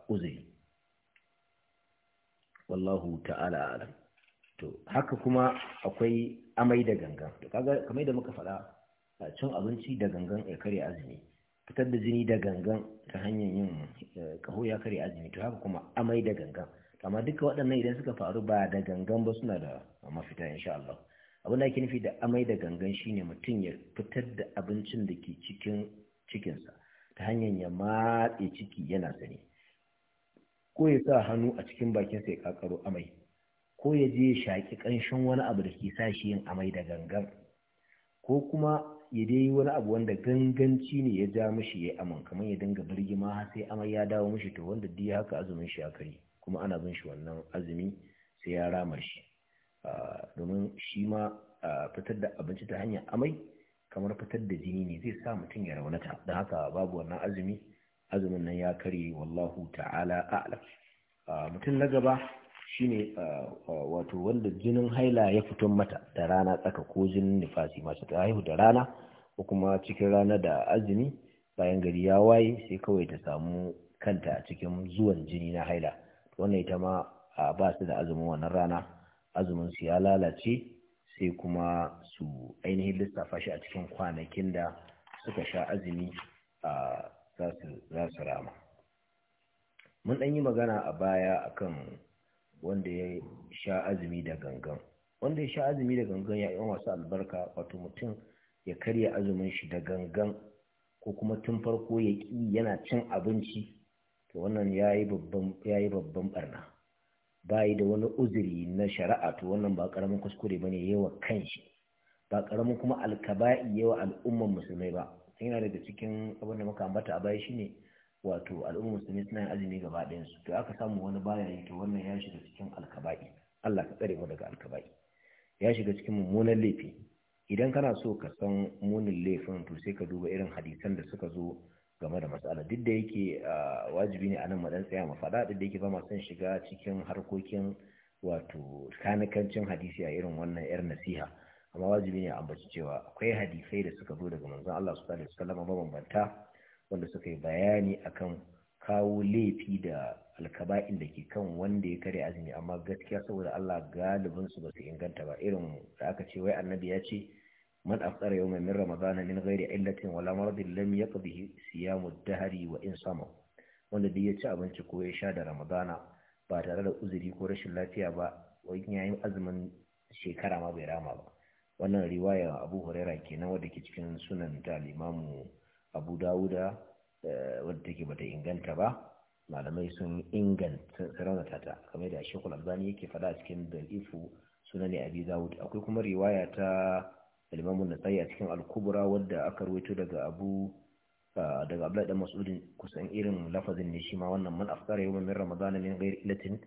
uzuri wallahu ta'ala alam to haka kuma akwai amai da gangan to kaga kamar da muka faɗa cin abinci da gangan ya kare azumi fitar da jini da gangan ta hanyar yin kaho eh, ya kare azumi to haka kuma amai da gangan amma duka waɗannan idan suka faru ba da gangan ba suna da mafita insha Allah abin da ake nufi da amai da gangan shine mutum ya fitar da abincin da ke cikin cikinsa ta hanyar ya matse ciki yana sani ko ya sa hannu a cikin bakinsa ya kakaro amai ko ya je ya shaki ƙanshin wani abu da ke sa shi yin amai da gangan ko kuma ya dai yi wani abu wanda ganganci ne ya ja mishi ya aman kamar ya dinga ma har sai amai ya dawo mishi to wanda duk haka azumin shi ya kuma ana bin shi wannan azumi sai ya rama shi domin shi ma fitar da abinci ta hanyar amai kamar fitar da jini ne zai sa mutum ya raunata don haka babu wannan azumi azumin nan ya karye wallahu ta'ala a'lam mutum na gaba shi ne wato wanda jinin haila ya fito mata da rana tsaka ko jinin nufasi masu ta haihu da rana ko kuma cikin rana da azumi bayan gari ya waye sai kawai ta samu kanta a cikin zuwan jini na haila wannan ita ma ba su da azumin wannan rana azumin su ya lalace sai kuma su ainihin lissafa shi a cikin kwanakin da suka sha azumi a za su rama mun ɗan yi magana a baya akan wanda ya sha azumi da gangan wanda ya sha azumi da gangan ya yi wasu albarka wato mutum ya karya azumin shi da gangan ko kuma tun farko ya ƙi yana cin abinci to wannan ya yi babban barna bayi da wani uzuri na shari'a to wannan ba karamin kuskure bane yawa shi ba karamin kuma alkaba'i yawa al'umman musulmai ba yana daga cikin abin da muka ambata a baya shine wato al'umman musulmai suna yin azumi gaba ɗayan su to aka samu wani baya yi to wannan ya shiga cikin alkaba'i Allah ka tsare mu daga alkaba'i ya shiga cikin mummunan laifi idan kana so ka san munin laifin to sai ka duba irin hadisan da suka zo game da matsala duk da yake wajibi ne a nan madan tsaya mu faɗa duk da yake ba son shiga cikin harkokin wato kanikancin hadisi a irin wannan yar nasiha amma wajibi ne a ambaci cewa akwai hadisai da suka zo daga manzon Allah sallallahu alaihi wasallam mabambanta wanda suka yi bayani akan kawo laifi da alkaba'in da ke kan wanda ya kare azumi amma gaskiya saboda Allah galibin su ba su inganta ba irin da aka ce wai annabi ya ce man afṭara yawman min ramadana min ghairi illatin wala maradin lam yaqdihi siyamu dahari wa in sama wanda dai ya ci abinci ko ya sha da ramadana ba tare da uzuri ko rashin lafiya ba wani yayin azumin shekara ma bai rama ba wannan riwaya abu huraira kenan wadda ke cikin sunan ta limamu abu dawuda wadda take bata inganta ba malamai sun inganta raunata ta kamar da shekul albani yake fada a cikin dalifu sunan abi dawud akwai kuma riwaya ta al-Imam an-Nasa'i a cikin al-Kubra wanda aka rawaito daga Abu daga abu dan mas'udin kusan irin lafazin ne shi ma wannan man afkara yawman min Ramadan min ghairi ilatin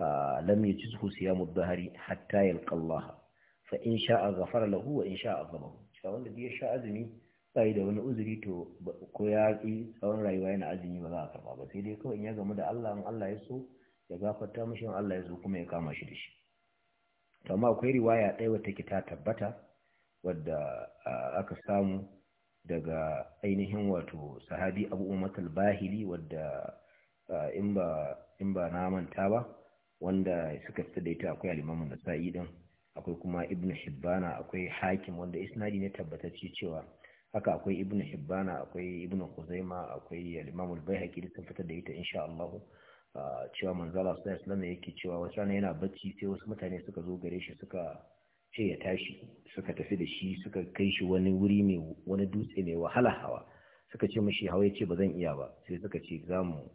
lam yajizhu siyamu ad-dahri hatta yalqa Allah fa in sha'a ghafara lahu wa in sha'a azabahu cewa wanda ya sha azumi bai da wani uzuri to ko ya yi tsawon rayuwa yana azumi ba za a karba ba sai dai kawai in ya gamu da Allah in Allah ya so ya gafarta mishi in Allah ya so kuma ya kama shi da shi to amma akwai riwaya ɗaya wata ke ta tabbata wadda aka samu daga ainihin wato sahabi abu umat al-bahili wadda in ba na manta ba wanda suka fita da ita akwai alimamun da sa'i akwai kuma ibn hibbana akwai hakim wanda isnadi ne tabbatacce cewa haka akwai ibn hibbana akwai ibn kuzaima akwai alimamul bayhaqi da sun fitar da ita insha Allah cewa manzala sallallahu alaihi wasallam yake cewa wasu yana bacci sai wasu mutane suka zo gare shi suka sai ya tashi suka tafi da shi suka kai shi wani wuri mai wani dutse mai wahala hawa suka ce mashi hawa ya ce ba zan iya ba sai suka ce za mu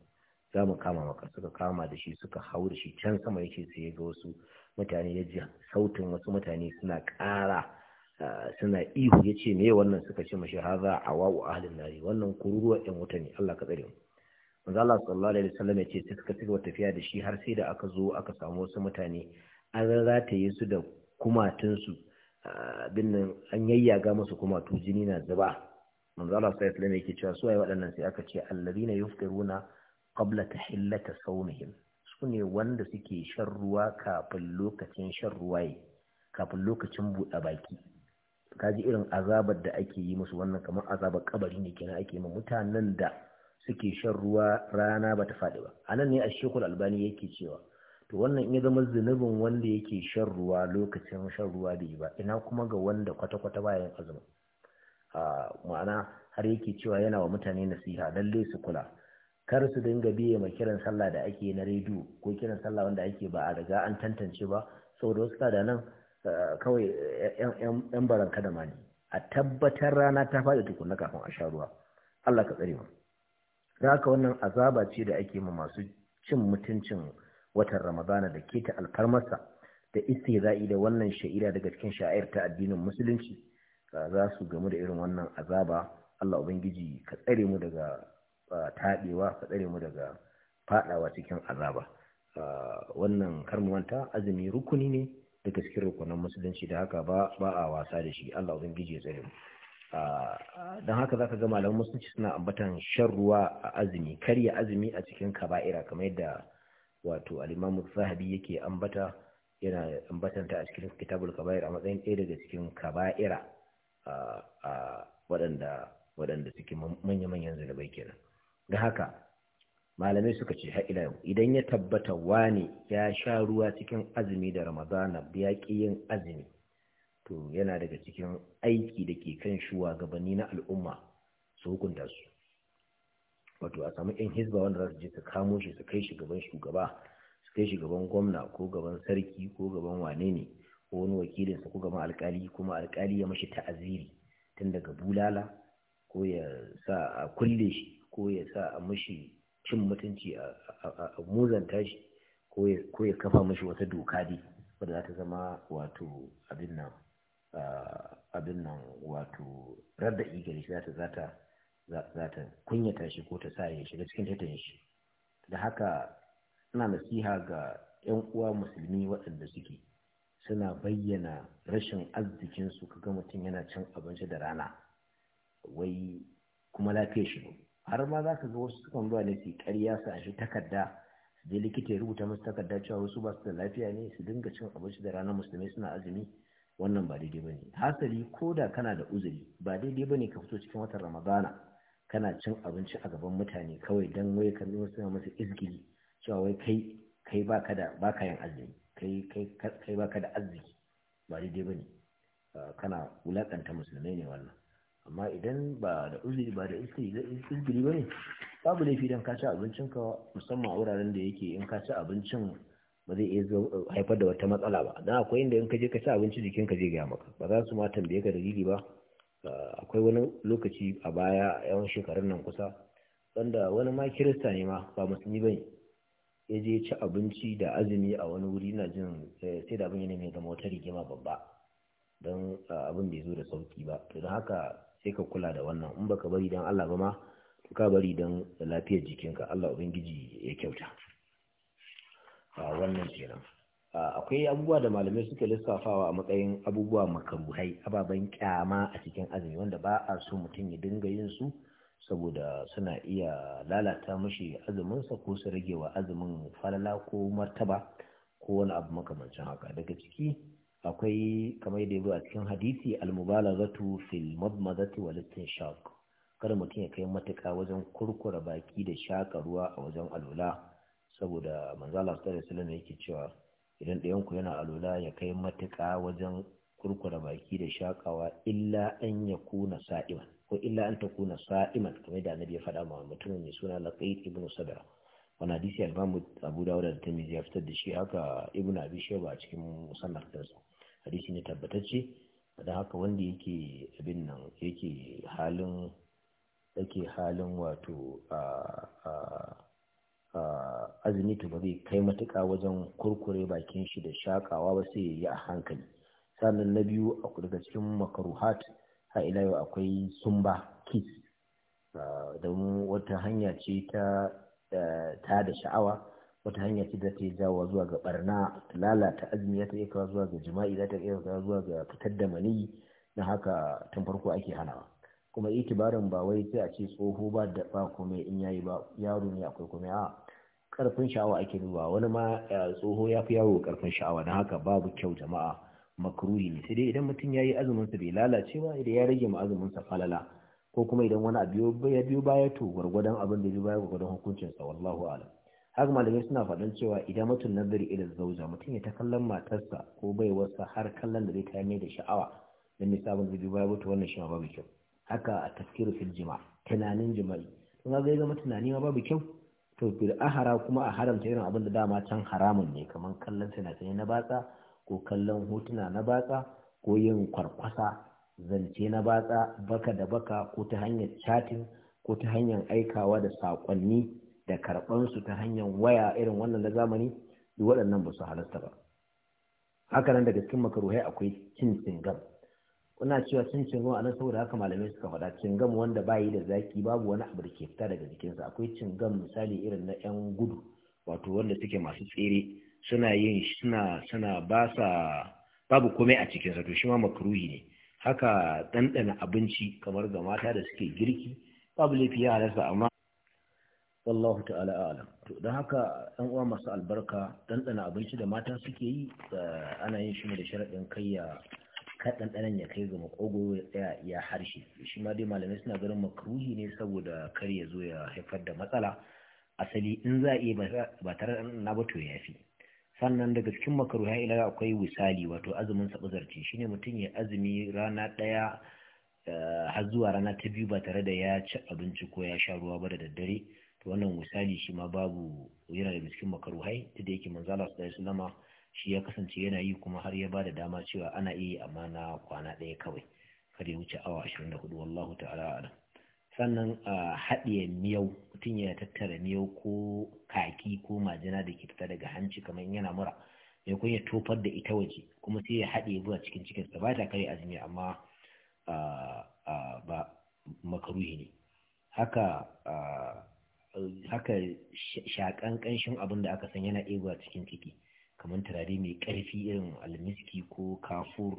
kama maka suka kama da shi suka hau da shi can sama ya ce sai ya ga wasu mutane ya ji sautin wasu mutane suna ƙara ah, suna ihu ya ce me wannan suka ce mashi za a wawu ahalin nari wannan kururuwa yan wuta ne Allah ka tsare mu manzo Allah sallallahu alaihi wasallam ya ce sai suka cigaba tafiya da shi har sai da aka zo aka samu wasu mutane an rataye su da kumatunsu ah, abin nan an yayyaga musu kumatu jini na zuba manzo Allah sai ya yake cewa su waye waɗannan sai aka ce ta yufkiruna qabla tahillata sawmihim su ne wanda suke shan ruwa kafin lokacin shan ruwaye kafin lokacin buɗe baki kaji irin azabar da ake yi musu wannan kamar azabar kabari ne kenan ake yi mutanen da suke shan ruwa rana bata faɗi ba anan ne a shekul albani yake cewa to wannan ya zama zunubin wanda yake shan ruwa lokacin shan ruwa da ba ina kuma ga wanda kwata-kwata bayan azumi a ma'ana har yake cewa yana wa mutane nasiha lalle su kula kar su dinga biye ma kiran sallah da ake na rediyo ko kiran sallah wanda ake ba a riga an tantance ba saboda wasu da nan kawai yan baranka da ne. a tabbatar rana ta faɗi tukunna kafin a sha ruwa Allah ka tsare mu haka wannan azaba ce da ake ma masu cin mutuncin watan ramadana da keta alfarmarsa da istihza'i da wannan sha'ira daga cikin sha'ir ta addinin musulunci ah, za su gamu da irin wannan azaba Allah ubangiji ka tsare mu daga ah, taɗewa ka tsare mu daga faɗawa cikin azaba ah, wannan karmanta azumi rukuni ne daga cikin rukunan musulunci da haka ba a wasa da shi Allah ubangiji ya tsare mu don haka zaka ga malaman musulunci suna ambatan shan ruwa a azumi karya azumi a cikin kaba'ira kamar yadda wato al-imamu zahabi yake ambata yana ambatanta a cikin kitabul kaba'ir a matsayin ɗaya daga cikin kaba'ira a waɗanda waɗanda suke manya-manyan zunubai kenan da haka malamai suka ce haƙila yau idan ya tabbata wani ya sha ruwa cikin azumi da ramadana ya ƙi yin azumi to yana daga cikin aiki da ke kan gabani na al'umma su hukunta su wato a samu yan hizba wanda za su je su kamo shi su kai shi gaban shugaba su kai shi gaban gwamna ko gaban sarki ko gaban wane ne ko wani wakilinsa ko gaban alkali kuma alkali ya mashi ta'aziri tun daga bulala ko ya sa a kulle shi ko ya sa a mashi cin mutunci a muzanta shi ko ya kafa mashi wata doka dai wadda za ta zama wato abin nan abin nan wato radda igari za ta za ta kunyata shi ko ta sa ya shiga cikin tattalin shi da haka ina nasiha ga 'yan uwa musulmi waɗanda suke suna bayyana rashin arzikinsu kaga mutum yana cin abinci da rana wai kuma lafiya shi ne. har ma za ka ga wasu sukan zuwa ne su ƙarya su a takarda su je likita ya rubuta musu takarda cewa wasu ba su da lafiya ne su dinga cin abinci da rana musulmi suna azumi wannan ba daidai ba ne hasali ko da kana da uzuri ba daidai ba ne ka fito cikin watan ramadana kana cin abinci a gaban mutane kawai don wai ka zo suna masa izgili cewa wai kai kai baka da baka yin azumi kai kai kai baka da arziki ba daidai bane ah, kana wulakanta musulmai ne wannan amma idan ba da uzuri ba da izgili bane babu laifi don ka ci ka musamman a wuraren da yake in ka ci abincin ba zai iya haifar da wata matsala ba don akwai inda in ka je ka ci abinci jikinka zai gaya maka ba za su ma tambaye ka riri ba Eh, akwai wani lokaci a baya a yawan shekarun nan kusa wanda wani ma kirista ne ma ba musulmi bane ya je ci abinci da azumi a wani wuri na jin eh, sai da abin yana mai zama wata rigima babba don eh, abin bai zo da sauki ba to don haka sai ka kula da wannan in baka bari don Allah ba ma to ka bari don lafiyar jikinka Allah ubangiji ya kyauta ah, wannan kenan akwai abubuwa da malamai suke lissafawa a matsayin abubuwa makaruhai ababen kyama a cikin azumi wanda ba a so mutum ya dinga yin su saboda suna iya lalata mashi azuminsa ko su rage wa azumin falala ko martaba ko wani abu makamancin haka daga ciki akwai kamar da yazo a cikin hadisi almubalaghatu fil madmadati wal istinshaq kada mutum ya kai matuka wajen kurkura baki da shaka ruwa a wajen alula saboda manzo Allah sallallahu alaihi wasallam yake cewa idan ku yana alola ya kai matuƙa wajen kurkura baki da shakawa illa an ya kuna sa'iman ko illa an ta kuna sa'iman kamar da annabi ya faɗa ma mutumin mai suna laqait ibn sadra wani hadisi al abu dawud da tirmidhi ya fitar da shi haka ibn abi shayba a cikin musannaf ɗinsa hadisi ne tabbatacce dan haka wanda yake abin nan yake halin yake halin wato a azumi to ba zai kai matuƙa wajen kurkure bakin shi da shakawa ba sai ya yi a hankali sannan na biyu a daga cikin makaruhat ha ila yau akwai sumba kiss don wata hanya ce ta ta da sha'awa wata hanya ce da ta yi jawo zuwa ga barna ta lalata azumi ta iya kawo zuwa ga jima'i za ta iya kawo zuwa ga fitar da maniyi na haka tun farko ake hanawa kuma itibarin ba wai sai a ce tsoho ba da ba komai in yayi ba yaro ne akwai komai a karfin sha'awa ake duba wani ma tsoho ya fi yawo karfin sha'awa na haka babu kyau jama'a makruhi ne sai dai idan mutum ya yi azuminsa bai lalace ba idan ya rage ma azuminsa falala ko kuma idan wani abu ya biyo baya to gwargwadon abin da ya baya gwargwadon sa wallahu alam haka malamai suna faɗin cewa idan mutum na zari irin zauja mutum ya ta kallon matarsa ko baiwarsa har kallon da zai ta mai da sha'awa dan ne sabon zai biyo baya to wannan shi ma babu kyau haka a tafkiru fil jima'a tunanin jima'i kuma ga zama tunani ma babu kyau to bil ahara kuma a haramta irin abin da dama can haramun ne kamar kallon sinasai na batsa ko kallon hotuna na batsa ko yin kwarkwasa zance na batsa baka da baka ko ta hanyar chatting ko ta hanyar aikawa da saƙonni da su ta hanyar waya irin wannan na zamani duk waɗannan ba su halasta ba haka nan daga cikin makaruhai akwai cin tsingar. kuna cewa sun cin a nan saboda haka malamai suka faɗa cin gam wanda bayi da zaki babu wani abu da ke fita daga jikinsa akwai cin gam misali irin na yan gudu wato wanda suke masu tsere suna yin suna suna ba sa babu komai a cikinsa to shi ma makruhi ne haka ɗanɗana abinci kamar ga mata da suke girki babu laifi ya halarsa amma wallahu ta'ala alam to dan haka ɗan uwa masu albarka ɗanɗana abinci da mata suke yi eh, ana yin shi da sharaɗin kayya kar ɗanɗanan ya kai ga makogo ya tsaya iya harshe shi ma dai malamai suna ganin makruhi ne saboda kar ya zo ya haifar da matsala asali in za a iya ba tare da na ba to ya fi sannan daga cikin makaruha ila akwai misali, wato azumin sabazarci shine mutum ya azumi rana ɗaya eh, har zuwa rana ta biyu ba tare da ya ci abinci ko ya sha ruwa ba da daddare to wannan misali shi ma babu yana da cikin makaruhai da yake manzala sallallahu alaihi wasallama shi ya kasance yana yi kuma har ya bada dama cewa ana iya amma na kwana ɗaya kawai kada ya wuce awa ashirin 24 wallahu ta'ala alam sannan a haɗiye miyau mutum ya tattara miyau ko kaki ko majina da ke fita daga hanci kamar in yana mura mai kun ya tofar da ita waje kuma sai ya haɗiye zuwa cikin cikinsa ba ta kare azumi amma ba makaruhi ne haka haka shakan kanshin abin da aka san yana iya zuwa cikin ciki kamar turare mai ƙarfi irin almiski ko kafur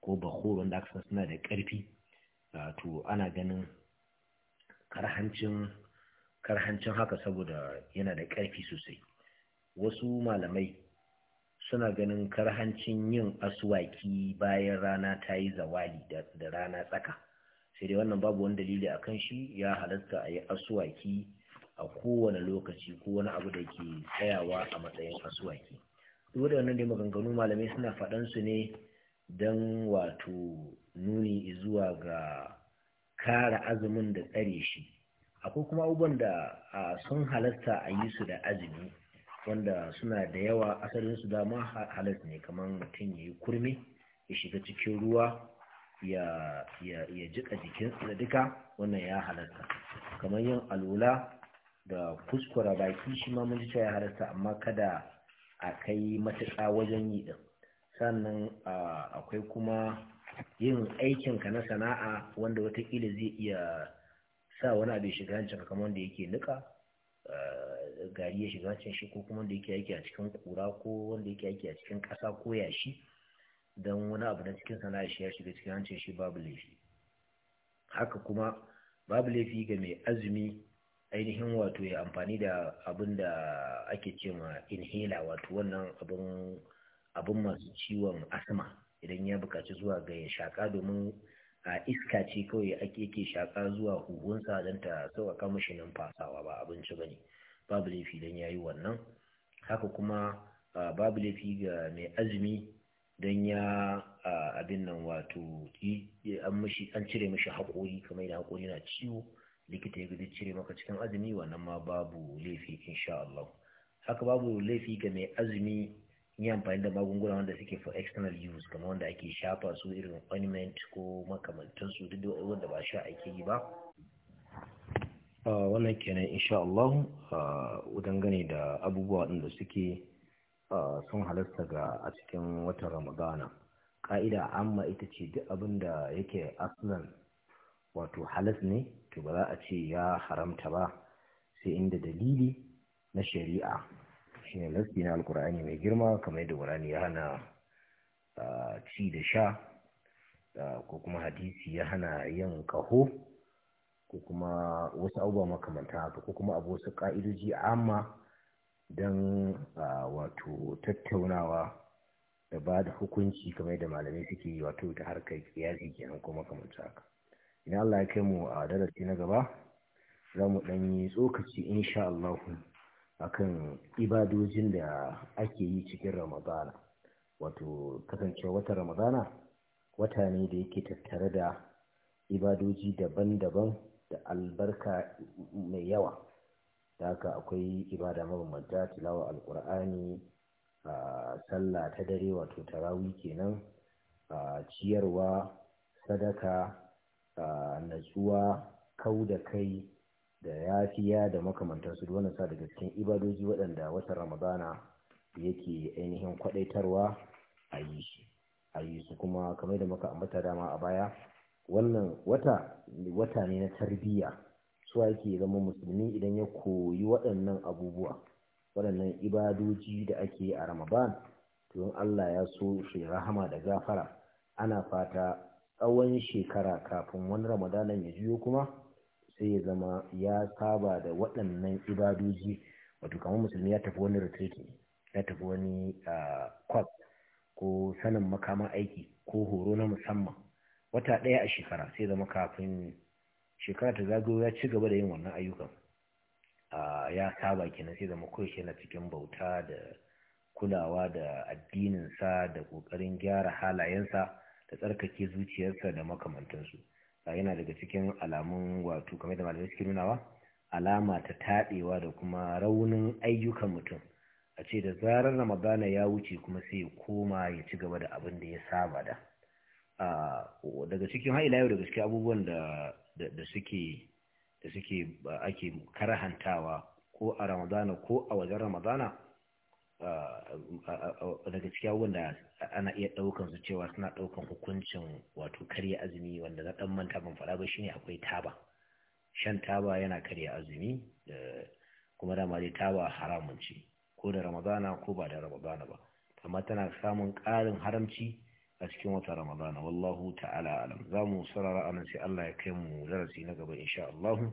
ko bahor wanda aka san suna da ƙarfi to ana ganin karhancin karhancin haka saboda yana da ƙarfi sosai wasu malamai suna ganin karhancin yin aswaki bayan rana ta yi zawali da rana tsaka sai dai wannan babu wani dalili a kan shi ya halatta a yi aswaki a kowane lokaci ko wani abu da ke tsayawa a matsayin aswaki duk wannan da maganganu malamai suna faɗansu ne don wato nuni zuwa ga kara azumin da tsare shi akwai kuma abubuwan da sun halatta a yi su da azumi wanda suna da yawa asalin su dama halas ne kamar mutum ya yi kurmi ya shiga cikin ruwa ya jika jikin da duka wannan ya halarta. kamar yin alula da kuskura baki shi ma mun ji ya halarta amma kada a kai matuƙa wajen yi ɗin sannan akwai kuma yin aikinka na sana'a wanda watakila zai iya sa wani abin shiga hancin kamar da yake nika gari ya shiga hancin shi ko kuma wanda yake aiki a cikin kura ko wanda yake aiki a cikin ƙasa ko yashi don wani abu na cikin sana'a shi ya shiga cikin hancin shi babu laifi haka kuma babu laifi ga mai azumi ainihin wato ya amfani da abin da ake ce ma inhaler wato wannan abin masu ciwon asma idan ya bukaci zuwa ga ya shaka domin a iska ce kawai ake ke shaka zuwa huhunsa don ta sauƙaƙa mashi numfasawa ba abinci ba bane babu laifi don yi wannan haka kuma babu laifi ga mai azumi don ya abin nan wato an cire mashi haƙori kamar da haƙori na ciwo likita ya gudu cire maka cikin azumi wannan ma babu laifi insha Allah haka babu laifi ga mai azumi yi amfani da magunguna wanda suke for external use kamar wanda ake shafa su irin ointment ko makamantansu duk da wanda ba sha ake yi ba ah, wannan kenan insha Allah ah, gane da abubuwa da suke ah, sun halasta ga a cikin watan ramadana ƙa'ida amma ita ce duk abin da yake aslan wato halas ne to ba za a ce ya haramta ba sai inda dalili na shari'a shi ne lasbi na alkur'ani mai girma kamar yadda wurani ya hana ci da sha ko kuma hadisi ya hana yin kaho ko kuma wasu abubuwa makamanta haka ko kuma abu wasu ka'idoji amma don wato tattaunawa da ba da hukunci kamar yadda malamai suke yi wato ta harkar kiyasi kenan ko makamanta haka idan Allah ya kai mu a darasi na gaba za mu ɗan yi tsokaci insha Allah akan ibadojin da ake yi cikin ramadana wato kasancewa wata ramadana wata ne da yake tattare da ibadoji daban-daban da albarka mai yawa da haka akwai ibada mabambanta tilawa alkur'ani a sallah ta dare wato tarawi kenan a ciyarwa sadaka natsuwa kau da kai da yafiya da makamantarsu duk wannan sa daga cikin ibadoji waɗanda watan ramadana yake ainihin kwaɗaitarwa a yi shi a yi su kuma kamar da muka ambata dama a baya wannan wata wata ne na tarbiyya su ake zama musulmi idan ya koyi waɗannan abubuwa waɗannan ibadoji da ake a ramadan to Allah ya so shi rahama da gafara ana fata tsawon shekara kafin wani ramadanan ya juyo kuma sai ya zama ya saba da waɗannan ibadoji wato kamar musulmi ya tafi wani retreat ya tafi wani kwas ah, ko sanin makaman aiki ko horo na musamman wata ɗaya a shekara sai zama kafin shekara ta zagayo ya ci gaba da yin wannan ayyukan ah, ya saba kenan sai zama kawai na cikin bauta da kulawa da addininsa da ƙoƙarin gyara halayensa da tsarkake zuciyarsa da makamantansu yana daga cikin alamun wato kamar da malamai suke nunawa alama ta taɗewa da kuma raunin ayyukan mutum a ce da zarar ramadana ya wuce kuma sai ya koma ya ci gaba da abin da ya saba da daga cikin haila yau daga cikin abubuwan da suke da suke ake karhantawa ko a ramadana ko a wajen ramadana daga cikin abubuwan da ana iya ɗaukan su cewa suna ɗaukan hukuncin wato karya azumi wanda na ɗan manta ban faɗa ba shine akwai taba shan taba yana karya azumi kuma dama dai taba haramun ce ko da ramadana ko ba da ramadana ba amma tana samun ƙarin haramci a cikin wata ramadana wallahu ta'ala alam za mu sarara anan sai Allah ya kai mu darasi na gaba insha Allah